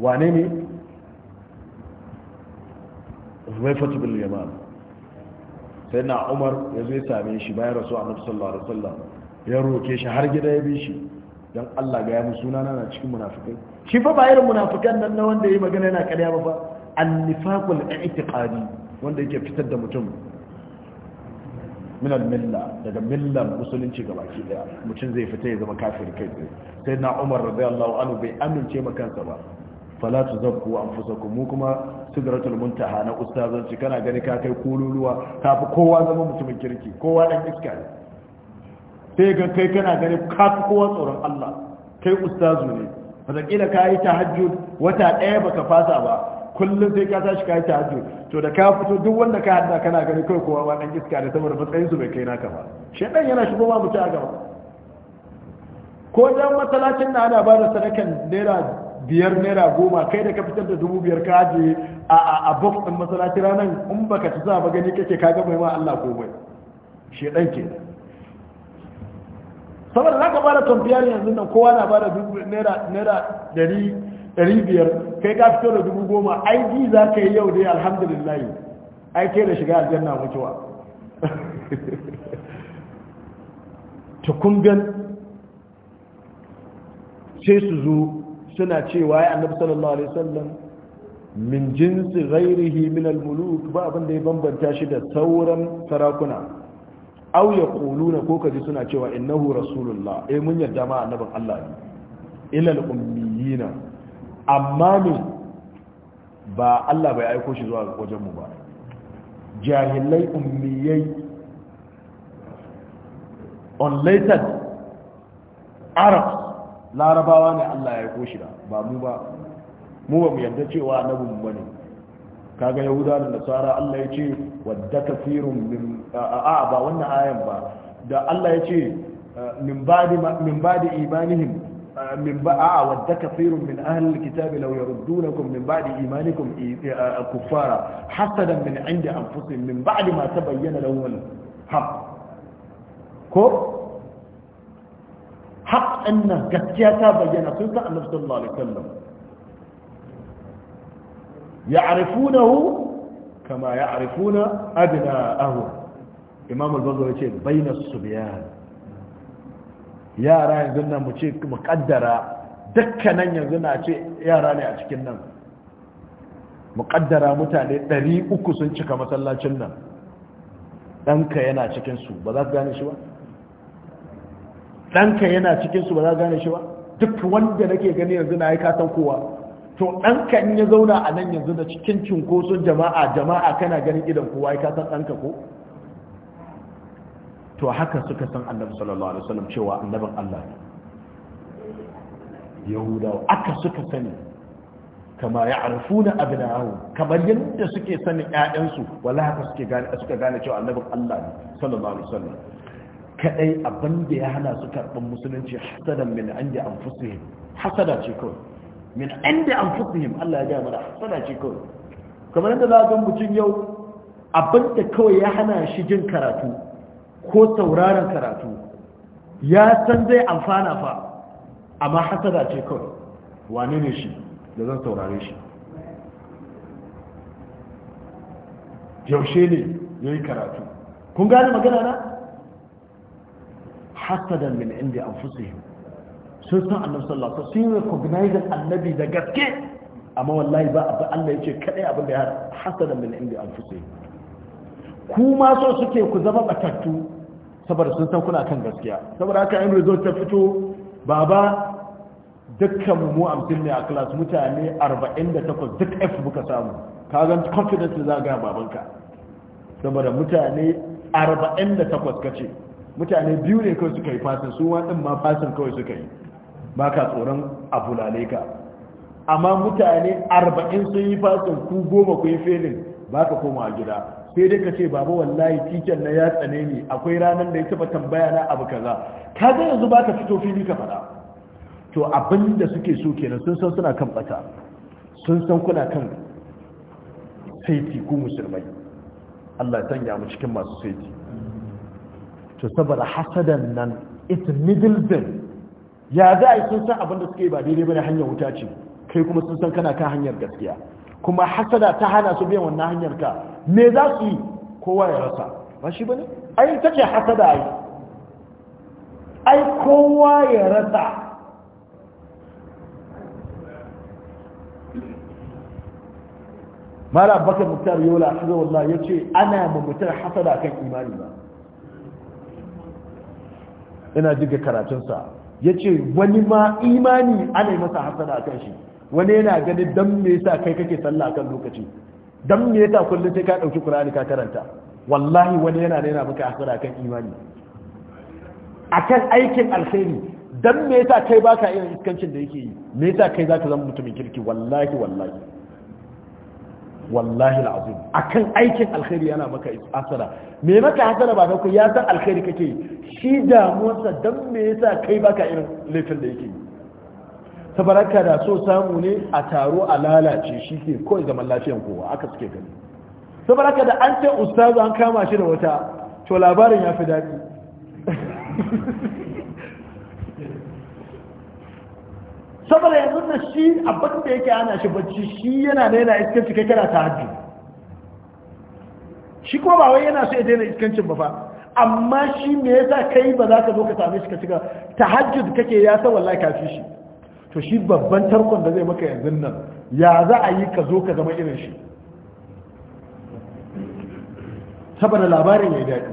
wane ne huwaifatu bil yaman sai na umar ya zo ya same shi bayan rasu annabi sallallahu alaihi wasallam ya roke shi har gida ya bi shi don Allah ga ya mu suna na cikin munafikai shi fa ba irin munafikan nan na wanda yayi magana yana kariya ba fa annifaqul i'tiqadi wanda yake fitar da mutum minal milla daga millan musulunci ga daya mutum zai fita ya zama kafin kai tsaye sai na umar radiyallahu anhu bai amince ma kansa ba fala tuzakku anfusakum mu kuma sidratul muntaha na ustazanci kana gani ka kai kululuwa ka fi kowa zama mutumin kirki kowa dan iska ne sai ga kai kana gani ka fi kowa tsoron Allah kai ustazu ne wataƙila ka yi tahajjud wata ɗaya baka fasa ba kullum sai ka tashi kai tahajjud to da ka fito duk wanda ka hada kana gani kai kowa dan iska da saboda matsayin su bai kai naka ba shedan yana shigo ma mutum a gaba ko dan masalacin da ana bada sadakan naira biyar naira goma kai da ka fitar da dubu biyar ka je a a box din masallacin ranan in baka ci ba gani kake ka ga mai ma Allah ko bai shedan ke? saboda za ka bada tamfiyar yanzu nan kowa na bada dubu naira dari 500 kai ka fito da dubu goma aiki za ka yi yau dai alhamdulillah ai kai da shiga aljanna mutuwa ta kungan sai su zo suna cewa ya annabi sallallahu alaihi wasallam min jinsi ghairihi min almuluk ba abin da ya bambanta shi da sauran sarakuna aw yaquluna ko kaji suna cewa innahu rasulullah eh mun yarda ma annabin Allah ne ila al-ummiyina amma ne ba Allah bai aiko shi zuwa wajenmu ba jahilai ummiyai unlated arab larabawa ne Allah ya aiko shi da ba mu ba mu ba mu yadda cewa annabin mu ne kaga yahuda da nasara Allah ya ce wadda kafirun min a'a ba wannan ayan ba da Allah ya ce min ba'di min ba'di imanihim آه، من بقى ود آه، كثير من أهل الكتاب لو يردونكم من بعد إيمانكم آه، كفارا حسدا من عند أنفسهم من بعد ما تبين لهم الحق كو حق أن قتيا تبين سلطة النبي صلى الله عليه وسلم يعرفونه كما يعرفون أبناءهم إمام البزر بين الصبيان yara yanzu nan mu ce mu kaddara dukkanan yanzu na ce yara ne a cikin nan mu kaddara mutane 300 sun cika masallacin nan ɗanka yana cikin su ba za ka gane shi ba ɗanka yana cikin su ba za ka gane shi ba duk wanda nake gani yanzu na yi kasan kowa to ɗanka in ya zauna a nan yanzu da cikin cunkoson jama'a jama'a kana ganin idan kowa ya kasan ɗanka ko to haka suka san annabi sallallahu alaihi wasallam cewa annabin Allah ne yahudawa aka suka sani kama ya ya'rifuna abna'ahum kamar yadda suke sani ƴaƴansu wala haka suke gane suka gane cewa annabin Allah ne sallallahu alaihi wasallam kadai abin da ya hana su karɓar musulunci hasadan min andi anfusihim hasada ce kawai min inda an fusihim Allah ya gaya mana hasada ce kawai kamar yadda za a ga mutum yau abinda kawai ya hana shi jin karatu ko sauraron karatu ya san zai amfana fa amma hasada ce kawai wane ne shi da zan saurare shi yaushe ne ya yi karatu kun gane magana na hasadan min inda an fusihim sun san annabi sallallahu alaihi wasallam sun recognize annabi da gaske amma wallahi ba abu Allah yake kadai abin da ya hasadan min inda an fusihim ku ma so suke ku zama batattu saboda sun san kuna kan gaskiya saboda haka in result ta fito baba dukkan mu amsin ne a class mutane 48 duk F buka samu ka ga confidence za ga babanka saboda mutane 48 kace mutane biyu ne kawai suka yi fasin su wa din ma fasin kawai suka yi ba ka tsoron abu ka amma mutane 40 sun yi fasin ku goma ku yi failing ba ka koma gida sai dai ka ce baba wallahi tiken na ya tsane ni akwai ranar da ya taba tambaya na abu kaza ka ga yanzu ba ka fito fili ka faɗa to abin da suke so kenan sun san suna kan bata sun san kuna kan saiti ku musulmai Allah ya sanya mu cikin masu saiti to saboda hasadan nan it middle bin ya za a sun san abin da suke ba daidai bane hanyar wuta ce kai kuma sun san kana kan hanyar gaskiya kuma hasada ta hana su biyan wannan hanyar ka me za su yi kowa ya rasa ba shi bane ai ta ce hasada ai ai kowa ya rasa Mara bakar mutar yola shi zo wallahi ya ce ana mu mutar hasada kan imani ba ina jiga karatunsa ya ce wani ma imani ana yi masa hasada kan shi wani yana ganin don me yasa kai kake sallah kan lokaci dan me yasa kullum sai ka dauki Qur'ani ka karanta wallahi wani yana da yana maka asara akan imani akan aikin alheri dan me yasa kai baka irin iskancin da yake yi me yasa kai za ka zama mutumin kirki wallahi wallahi wallahi al'azim akan aikin alheri yana maka asara me maka hasara ba kai ya san alheri kake shi damuwarsa dan me yasa kai baka irin laifin da yake yi baraka da so samu ne a taro a lalace shi ke kawai zaman lafiyan kowa aka suke gani baraka da an ce ustazu an kama shi da wata to labarin ya fi daɗi saboda yanzu da shi abin da yake ana shi bacci shi yana da yana iskanci kai kana ta hajji shi kuma ba wai yana so ya daina iskancin ba fa amma shi me yasa kai ba za ka zo ka same shi ka shiga tahajjud kake ya san wallahi kafi shi to shi babban tarkon da zai maka yanzu nan ya za a yi ka zo ka zama irin shi saboda labarin ya yi daɗi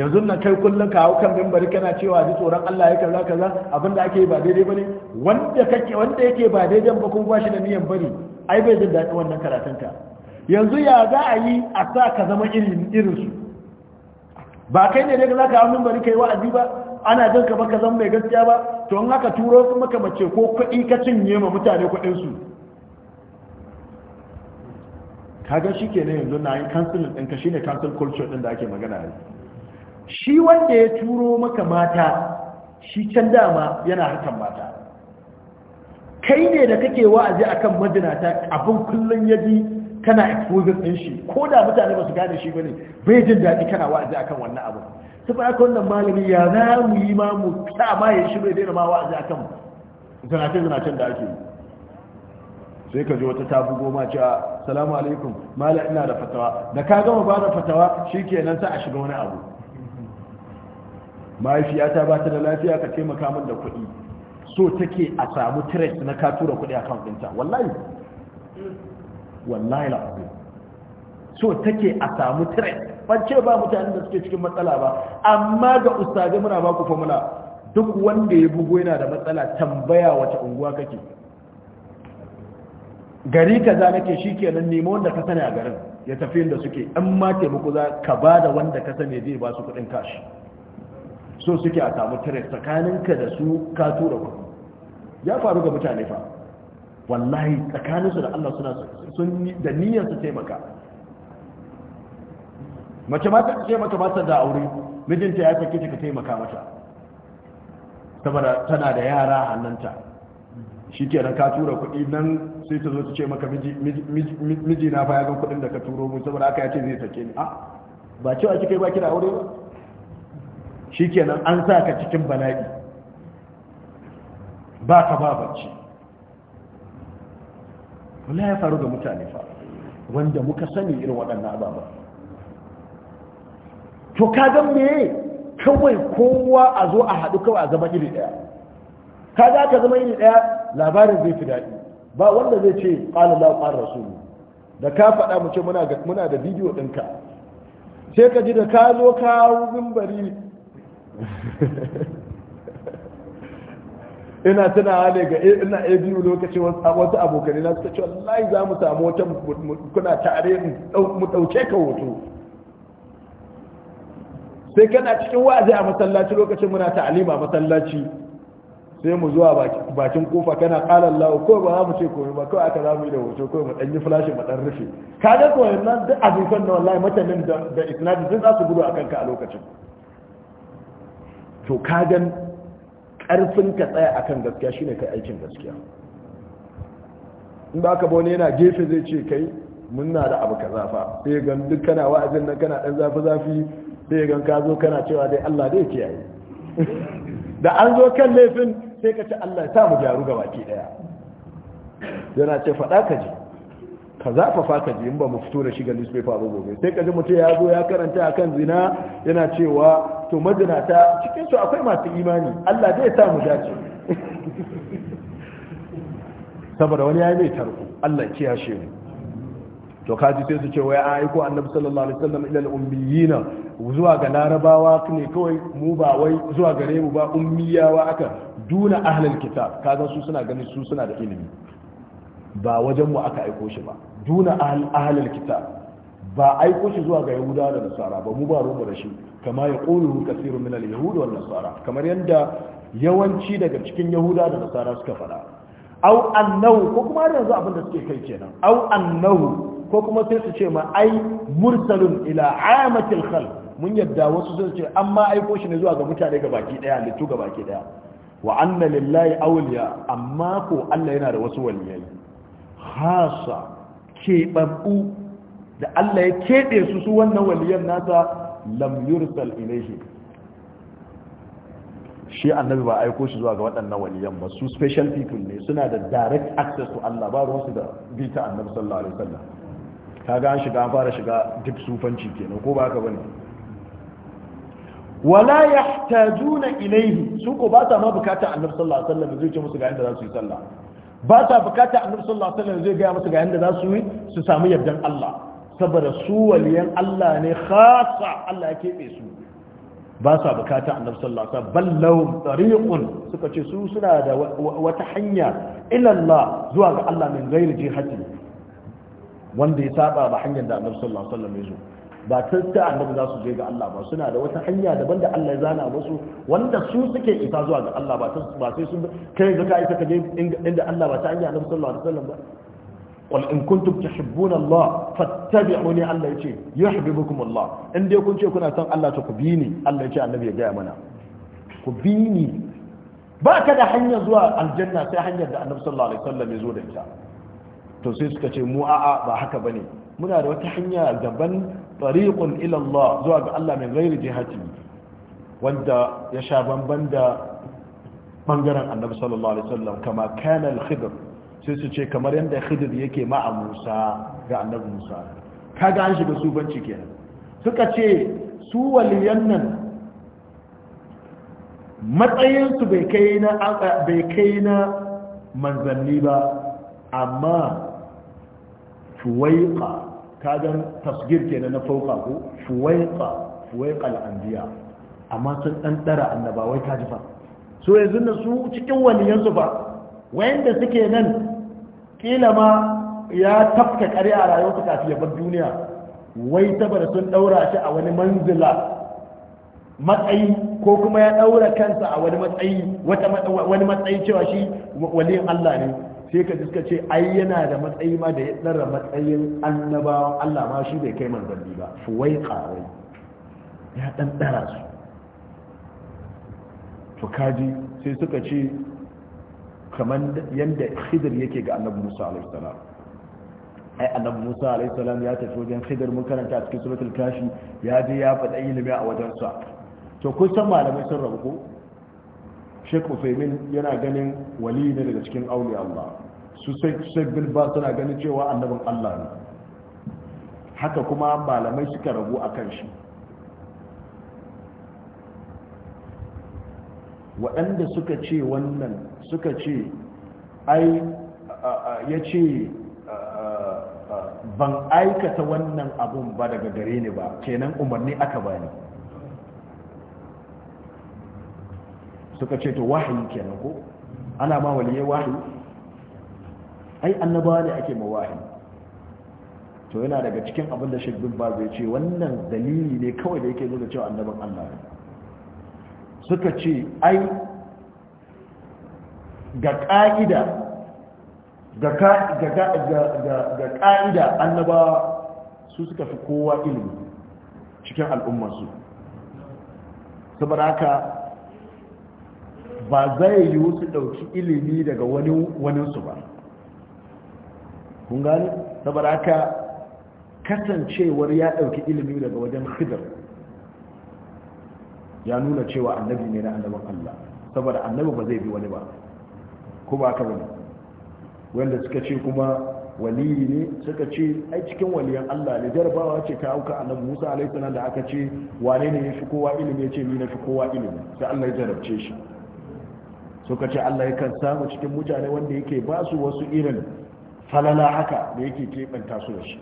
yanzu nan kai kullum ka hau kan mimbari kana cewa ji tsoron Allah ya kaza kaza abin da ake yi ba daidai bane wanda kake wanda yake ba daidai ba kuma ba shi da niyan bari ai bai jin daɗi wannan karatun ka yanzu ya za a yi a sa ka zama irin irin su ba kai ne ne za ka hau mimbari kai wa'azi ba ana jin ka baka zan mai gaskiya ba to in haka turo su maka mace ko kuɗi ka cinye ma mutane kuɗinsu kaga shi ke yanzu na yin kansulin ɗinka shine kansul culture ɗin da ake magana yanzu shi wanda ya turo maka mata shi can dama yana harkan mata kai ne da kake wa'azi akan madinata abin kullum ya ji kana exposing ɗin shi ko da mutane ba su gane shi bane bai jin daɗi kana wa'azi akan wannan abu ta ba aka wannan malami ya za mu yi ma mu ta ma ya shi bai daina ma wa'azi a kan zanace-zanacen da ake yi sai ka ji wata ta bugo ma cewa salamu alaikum mala ina da fatawa da ka gama ba da fatawa shi ke nan sa a shiga wani abu mahaifiyata ba ta da lafiya ka taimaka min da kuɗi so take a samu trace na ka tura kuɗi a kan ɗinta wallahi wallahi la'azim so take a samu trace bance ba mutanen da suke cikin matsala ba amma ga ustazai muna ba ku famula duk wanda ya bugo yana da matsala tambaya wace unguwa kake gari kaza nake shikenan nemo wanda ka sani a garin ya tafi inda suke Yan ma taimako za ka ba da wanda ka sani zai ba su kudin kashi so suke a samu tare tsakaninka da su ka tura kuɗi ya faru ga mutane fa wallahi tsakaninsu da Allah suna sun da niyyar su taimaka mace ma ce maka ba ta da aure mijinta ya sake ta ka taimaka mata saboda tana da yara hannunta shi ke nan ka tura kuɗi nan sai ta zo ta ce maka miji na faya zan kuɗin da ka turo mu saboda aka ya ce zai sake ni a ah, ba cewa kika yi ba da aure ba shi ke nan an sa ka cikin bala'i ba ka ba bacci wala ya faru ga mutane fa wanda muka sani irin waɗannan ababa to ka ga me kawai kowa a zo a haɗu kawai a zama iri ɗaya ka ga ka zama iri ɗaya labarin zai fi daɗi ba wanda zai ce ƙala la rasu. da ka faɗa mu ce muna da bidiyo ɗinka sai ka ji da ka zo ka hau mimbari ina tunawa ne ga eh, ina a biyu lokacin wasu abokanai na suka ce wallahi za mu samu wata kuna tare mu ɗauke ka hoto sai kana cikin wa'azi a masallaci lokacin muna ta'alima a masallaci sai mu zuwa bakin kofa kana kala Allah ko ba za mu ce komai ba kawai aka zamu yi da hoto ko mu dan yi flash mu dan rufe kaga ko yanzu duk abubuwan da wallahi matanin da da isnadi duk za su gudu akan ka a lokacin to kagan karfin ka tsaya akan gaskiya shine kai aikin gaskiya in ba ka bone yana gefe zai ce kai muna da abu kaza fa sai ga duk kana wa'azin nan kana dan zafi zafi sai gan ka zo kana cewa dai Allah dai kiyaye da an zo kan laifin sai ka ce Allah ya sa mu jaru ga baki daya yana ce faɗa ka ji ka zafafa ka ji in ba mu fito da shi ga newspaper ba gobe sai ka ji mutum ya zo ya karanta akan zina yana cewa to ta cikin su akwai masu imani Allah dai ya sa mu dace saboda wani ya yi mai tarko Allah ya kiyashe mu to kaji sai su ce wai an aiko annabi sallallahu alaihi wasallam ila al-ummiyina zuwa ga larabawa ne kawai mu ba wai zuwa gare mu ba ummiyawa aka duna ahlul kitab kaga su suna ganin su suna da ilimi ba wajen mu aka aiko shi ba duna ahlul kitab ba aiko shi zuwa ga yahuda da nasara ba mu ba ruwa da shi kama ya qulu kasirun min al-yahud wa nasara kamar yanda yawanci daga cikin yahuda da nasara suka fada au annahu ko kuma yanzu abin da suke kai kenan au annahu ko kuma sai su ce ma ai mursalun ila amatil khalq mun yadda wasu sun ce amma ai ko shi ne zuwa ga mutane ga baki daya littu ga baki daya wa anna lillahi awliya amma ko Allah yana da wasu waliyai khasa keɓaɓɓu da Allah ya keɓe su su wannan waliyan nasa lam yursal ilaihi shi annabi ba aiko shi zuwa ga waɗannan waliyan ba su special people ne suna da direct access to Allah ba ruwansu da bita annabi sallallahu alaihi wasallam Ka ga an shiga an fara shiga duk sufanci kenan ko ba haka bane wala yahtajuna ilayhi su ko ba ta ma bukata annabi sallallahu alaihi wasallam zai ce musu ga inda za su yi sallah ba ta bukata annabi sallallahu alaihi wasallam zai ga musu ga inda za su yi su samu yardan Allah saboda su waliyan Allah ne khassa Allah ya kebe su ba sa bukata annabi sallallahu alaihi wasallam ballahum tariqun suka ce su suna da wata hanya ila Allah zuwa ga Allah min ghairi jihati wanda ya saba ba hanyar da annabi sallallahu alaihi wasallam ya zo ba ta ta annabi za su je ga Allah ba suna da wata hanya daban da Allah ya zana musu wanda su suke isa zuwa ga Allah ba ba sai sun kai zaka kai ka je inda Allah ba ta hanya annabi sallallahu alaihi wasallam ba qul in kuntum tuhibbuna Allah fattabi'uni Allah yace yuhibbukum Allah in dai kun ce kuna son Allah to ku bi ni Allah yace annabi ya gaya mana ku bi ni ba ka da hanya zuwa aljanna sai hanyar da annabi sallallahu alaihi wasallam ya zo da ita to sai suka ce mu a'a ba haka bane muna da wata hanya daban tariqun ila Allah zuwa ga Allah mai ghairi jihati wanda ya sha bamban da bangaren Annabi sallallahu alaihi wasallam kama kana al-khidr sai su ce kamar yanda khidr yake ma'a Musa ga Annabi Musa kaga an shiga subanci kenan suka ce su waliyan nan matsayinsu bai kai na manzanni ba amma fuwaiqa kagan tasgir kenan na fauka ko Fuwaiƙa, fuwaiƙa al amma sun dan dara annabawai ta jifa so yanzu na su cikin waliyansu ba wayanda suke nan ƙila ma ya tafka ƙarya a rayuwarsa kafin ya bar duniya wai tabar sun ɗaura shi a wani manzila matsayi ko kuma ya ɗaura kansa a wani matsayi wata wani matsayi cewa shi waliyin Allah ne sai ka suka ce ai yana da matsayi ma da ya tsara matsayin annabawan Allah ma shi bai kai manzanni ba fuwai karai ya dan tsara su to kaji sai suka ce kamar yadda khidir yake ga annabi Musa alaihi salam ai annabi Musa alaihi salam ya tafi wajen khidir mun karanta a cikin suratul kashi ya je ya faɗa ilimi a wajen sa to kun san malamai sun rabu ko Sheikh usaimin yana ganin wali ne daga cikin auli allah su Sheikh bin ba suna ganin cewa annabin allah ne haka kuma malamai suka rabu a kan shi waɗanda suka ce wannan suka ce ai ya ce ban aikata wannan abun ba daga gare ni ba kenan umarni aka bani suka ce to wahayi kenan ko ana ma waliye wahayi ai annabawa ne ake ma wahayi to yana daga cikin abin da shaikh ba zai ce wannan dalili ne kawai da yake nuna cewa annabin Allah ne suka ce ai ga ka'ida ga ka'ida annabawa su suka fi kowa ilimi cikin al'ummarsu saboda haka ba zai yiwu su ɗauki ilimi daga wani waninsu ba kun gani saboda haka kasancewar ya ɗauki ilimi daga wajen khidr ya nuna cewa annabi ne na annabin Allah saboda annabi ba zai bi wani ba kuma aka wani wanda suka ce kuma wali ne suka ce ai cikin waliyan Allah ne jarabawa ce ta auka annabi Musa alaihi salam da aka ce wane ne ya fi kowa ilimi ya ce ni na fi kowa ilimi sai Allah ya jarabce shi suka ce Allah yakan samu cikin mutane wanda yake ba su wasu irin falala haka da yake keɓanta su da shi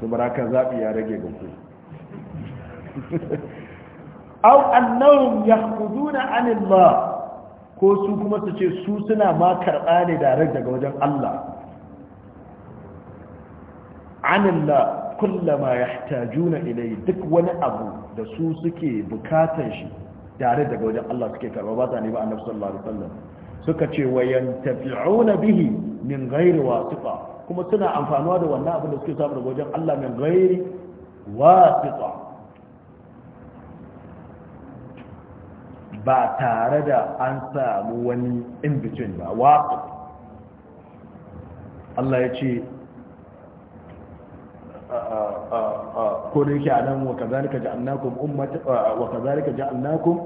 tubaraka zaɓi ya rage gunku au annahum yahkuduna anillah ko su kuma su ce su suna ma karɓa ne direct daga wajen Allah anillah kullama yahtajuna ilayhi duk wani abu da su suke bukatan shi tare daga wajen Allah suke karɓa ba ta ne ba annabi sallallahu alaihi wasallam suka ce wa yantafi'una bihi min ghairi wasiqa kuma suna amfanuwa da wannan abin da suke samu daga wajen Allah min ghairi wasiqa ba tare da an samu wani in between ba wasiq Allah ya ce ko da yake anan wa kazalika ja'alnakum ummatan wa kazalika ja'alnakum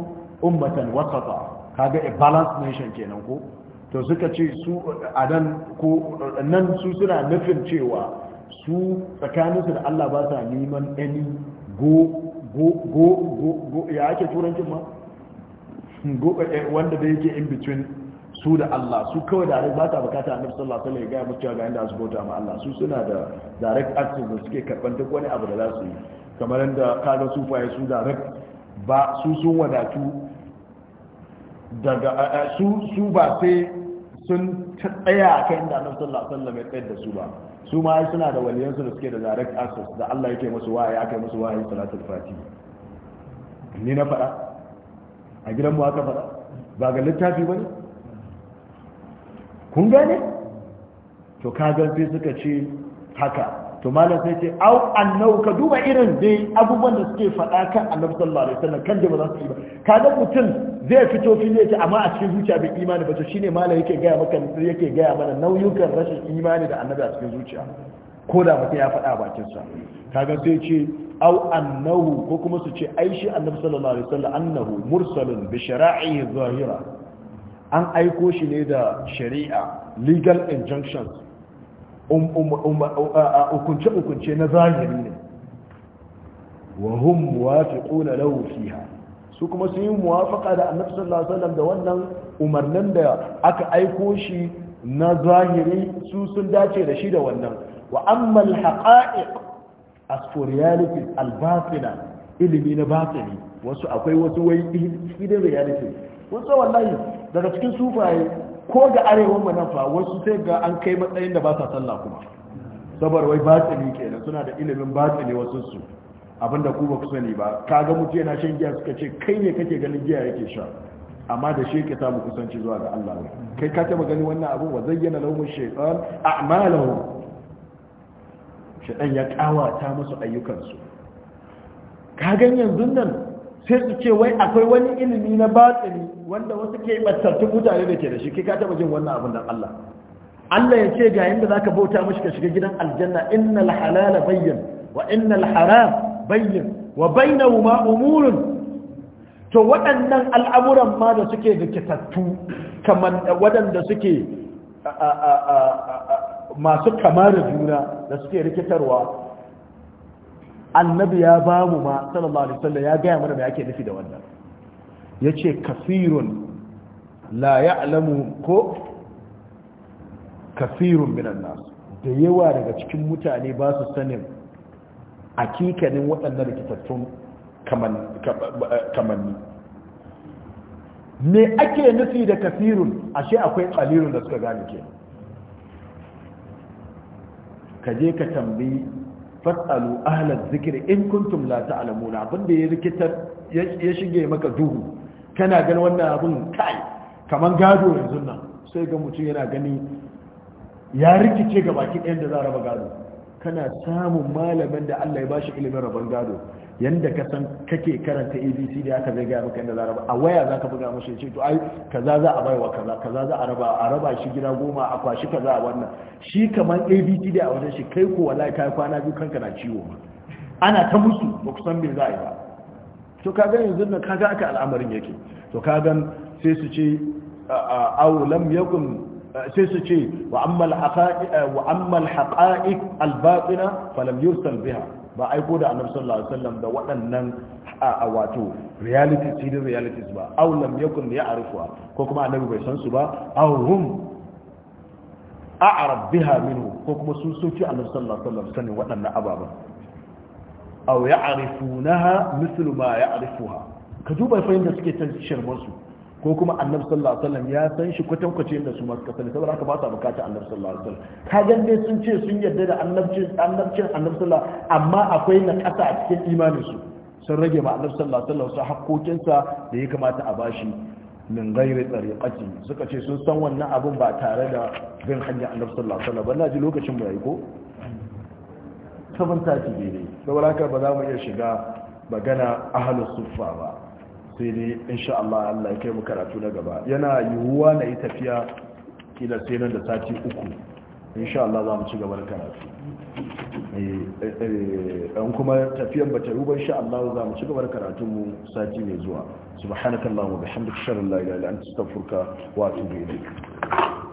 ummatan wasata kaga a balance nation kenan ko to suka ce su adan ko nan su suna nufin cewa su tsakaninsu da Allah ba sa neman any go go go go ya ake turancin ma eh, wanda da yake in between su da Allah su kawai da ba ta bukata annabi sallallahu alaihi wasallam ya gaya mutuwa ga inda su bauta ma Allah su suna da direct access da suke karban duk wani abu da za su yi kamar inda kaga su faye su direct ba su sun wadatu daga su su ba sai sun tsaya kan inda annabi sallallahu alaihi wasallam ya tsayar da su ba su ma suna da waliyansu da suke da direct access da Allah yake musu wahayi aka musu waye, salatul fatiha ni na fada a gidan mu aka fada ba ga littafi bane kun gane to kagan suka ce haka to malam sai ce au annau ka duba irin dai abubuwan da suke faɗa kan annabi sallallahu alaihi wasallam kan da ba za su yi ba kaga mutum zai fito fili yace amma a cikin zuciya bai imani ba to shine malam yake gaya maka yake gaya mana nauyukan rashin imani da annabi a cikin zuciya ko da mutum ya faɗa a bakinsa kaga sai ce au annahu ko kuma su ce ai shi annabi sallallahu alaihi wasallam annahu mursalun bi shara'ihi zahira an aiko shi ne da shari'a legal injunctions um, um, um, hukunce-hukunce uh, uh, na zahiri ne wa hum muwafiquna lahu fiha su kuma sun yi muwafaqa da annabi sallallahu alaihi da wannan umarnin da aka aiko shi na zahiri su sun dace da shi da wannan wa amma al as for reality al-batina ilimi na bafini. wasu akwai wasu wai hidden reality wasu wallahi daga cikin sufaye ko ga arewa mu nan fa wasu sai ga an kai matsayin da ba sa sallah kuma saboda wai batsini kenan suna da ilimin batsini wasu su abinda ku ba ku sani ba kaga mutu yana shan giya suka ce kai ne kake ganin giya yake sha amma da shi ke samu kusanci zuwa ga Allah ne kai ka taba gani wannan abin wa zayyana lahum shaytan a'malahum shaytan ya kawata musu ayyukan su ka gan yanzu nan sai su ce wai akwai wani ilimi na batsini wanda wasu ke battattu mutane da ke da shi kai ka taba jin wannan abin da Allah Allah ya ce ga za ka bauta mishi ka shiga gidan aljanna innal halala bayyin wa innal haram bayyin wa bainahuma umurun to waɗannan al'amuran ma da suke da kitattu kamar waɗanda suke masu kama da juna da suke rikitarwa annabi ya ba mu ma sallallahu alaihi wasallam ya gaya mana me ake nufi da wannan yace kasirun la ya'lamu ko kasirun minan nas da yawa daga cikin mutane ba su sanin akikanin waɗannan rikitattun kamanni me ake nufi da kasirun ashe akwai kalirun da suka gane ke ka je ka tambayi fasalu ahlal zikri in kuntum la ta'lamuna abin da ya rikitar ya shige maka duhu kana ganin wannan abin kai kaman gado yanzu nan sai ga mutum yana gani ya rikice ga baki ɗayan da za a raba gado kana samun malamin da Allah ya bashi ilimin rabon gado yanda ka san kake karanta abc da aka zai gaya maka inda za a raba a waya za ka buga mashi ce to ai kaza za a baiwa kaza kaza za a raba a raba shi gida goma a kwashi kaza a wannan shi kamar abc da a wajen shi kai ko wallahi kai kwana biyu kanka na ciwo ana ta musu ba ku san me za a yi ba to ka ga yanzu na kaga aka al'amarin yake to ka ga sai su ce aw lam yakun sai su ce wa ammal haqa'iq eh, al-batina falam yursal biha ba aiko da annabi sallallahu alaihi wasallam da waɗannan a wato reality cikin realities ba aw lam yakun ya'rifuha ko kuma annabi bai san su ba aw hum a'rab biha minhu ko kuma sun soki annabi sallallahu alaihi wasallam sanin waɗannan ababan aw ya'rifunaha mithlu ma ya'rifuha ka duba fahimta suke ta shirmansu ko kuma annabi sallallahu alaihi wasallam ya san shi kwatan kwace da su masu kasance saboda haka ba sa bukata annabi sallallahu alaihi wasallam ka ga dai sun ce sun yarda da annabcin annabci annabi sallallahu alaihi wasallam amma akwai na kasa a cikin imanin su sun rage ma annabi sallallahu alaihi wasallam su hakokin sa da ya kamata a bashi min gairi tsariƙaci suka ce sun san wannan abun ba tare da bin hanyar annabi sallallahu alaihi wasallam na ji lokacin mu yayi ko sabon sati ne saboda haka ba za mu iya shiga magana ahlus suffa ba sai dai insha Allah ya kai mu karatu na gaba yana yiwuwa na yi tafiya kila sai nan da sati uku insha Allah za mu ci gaba da karatu an eh, eh, kuma tafiyan ba ta yi ban Allah za mu ci gaba da karatun mu sati mai zuwa subhanakallahumma bihamdika sharra la ilaha illa anta astaghfiruka wa atubu ilayk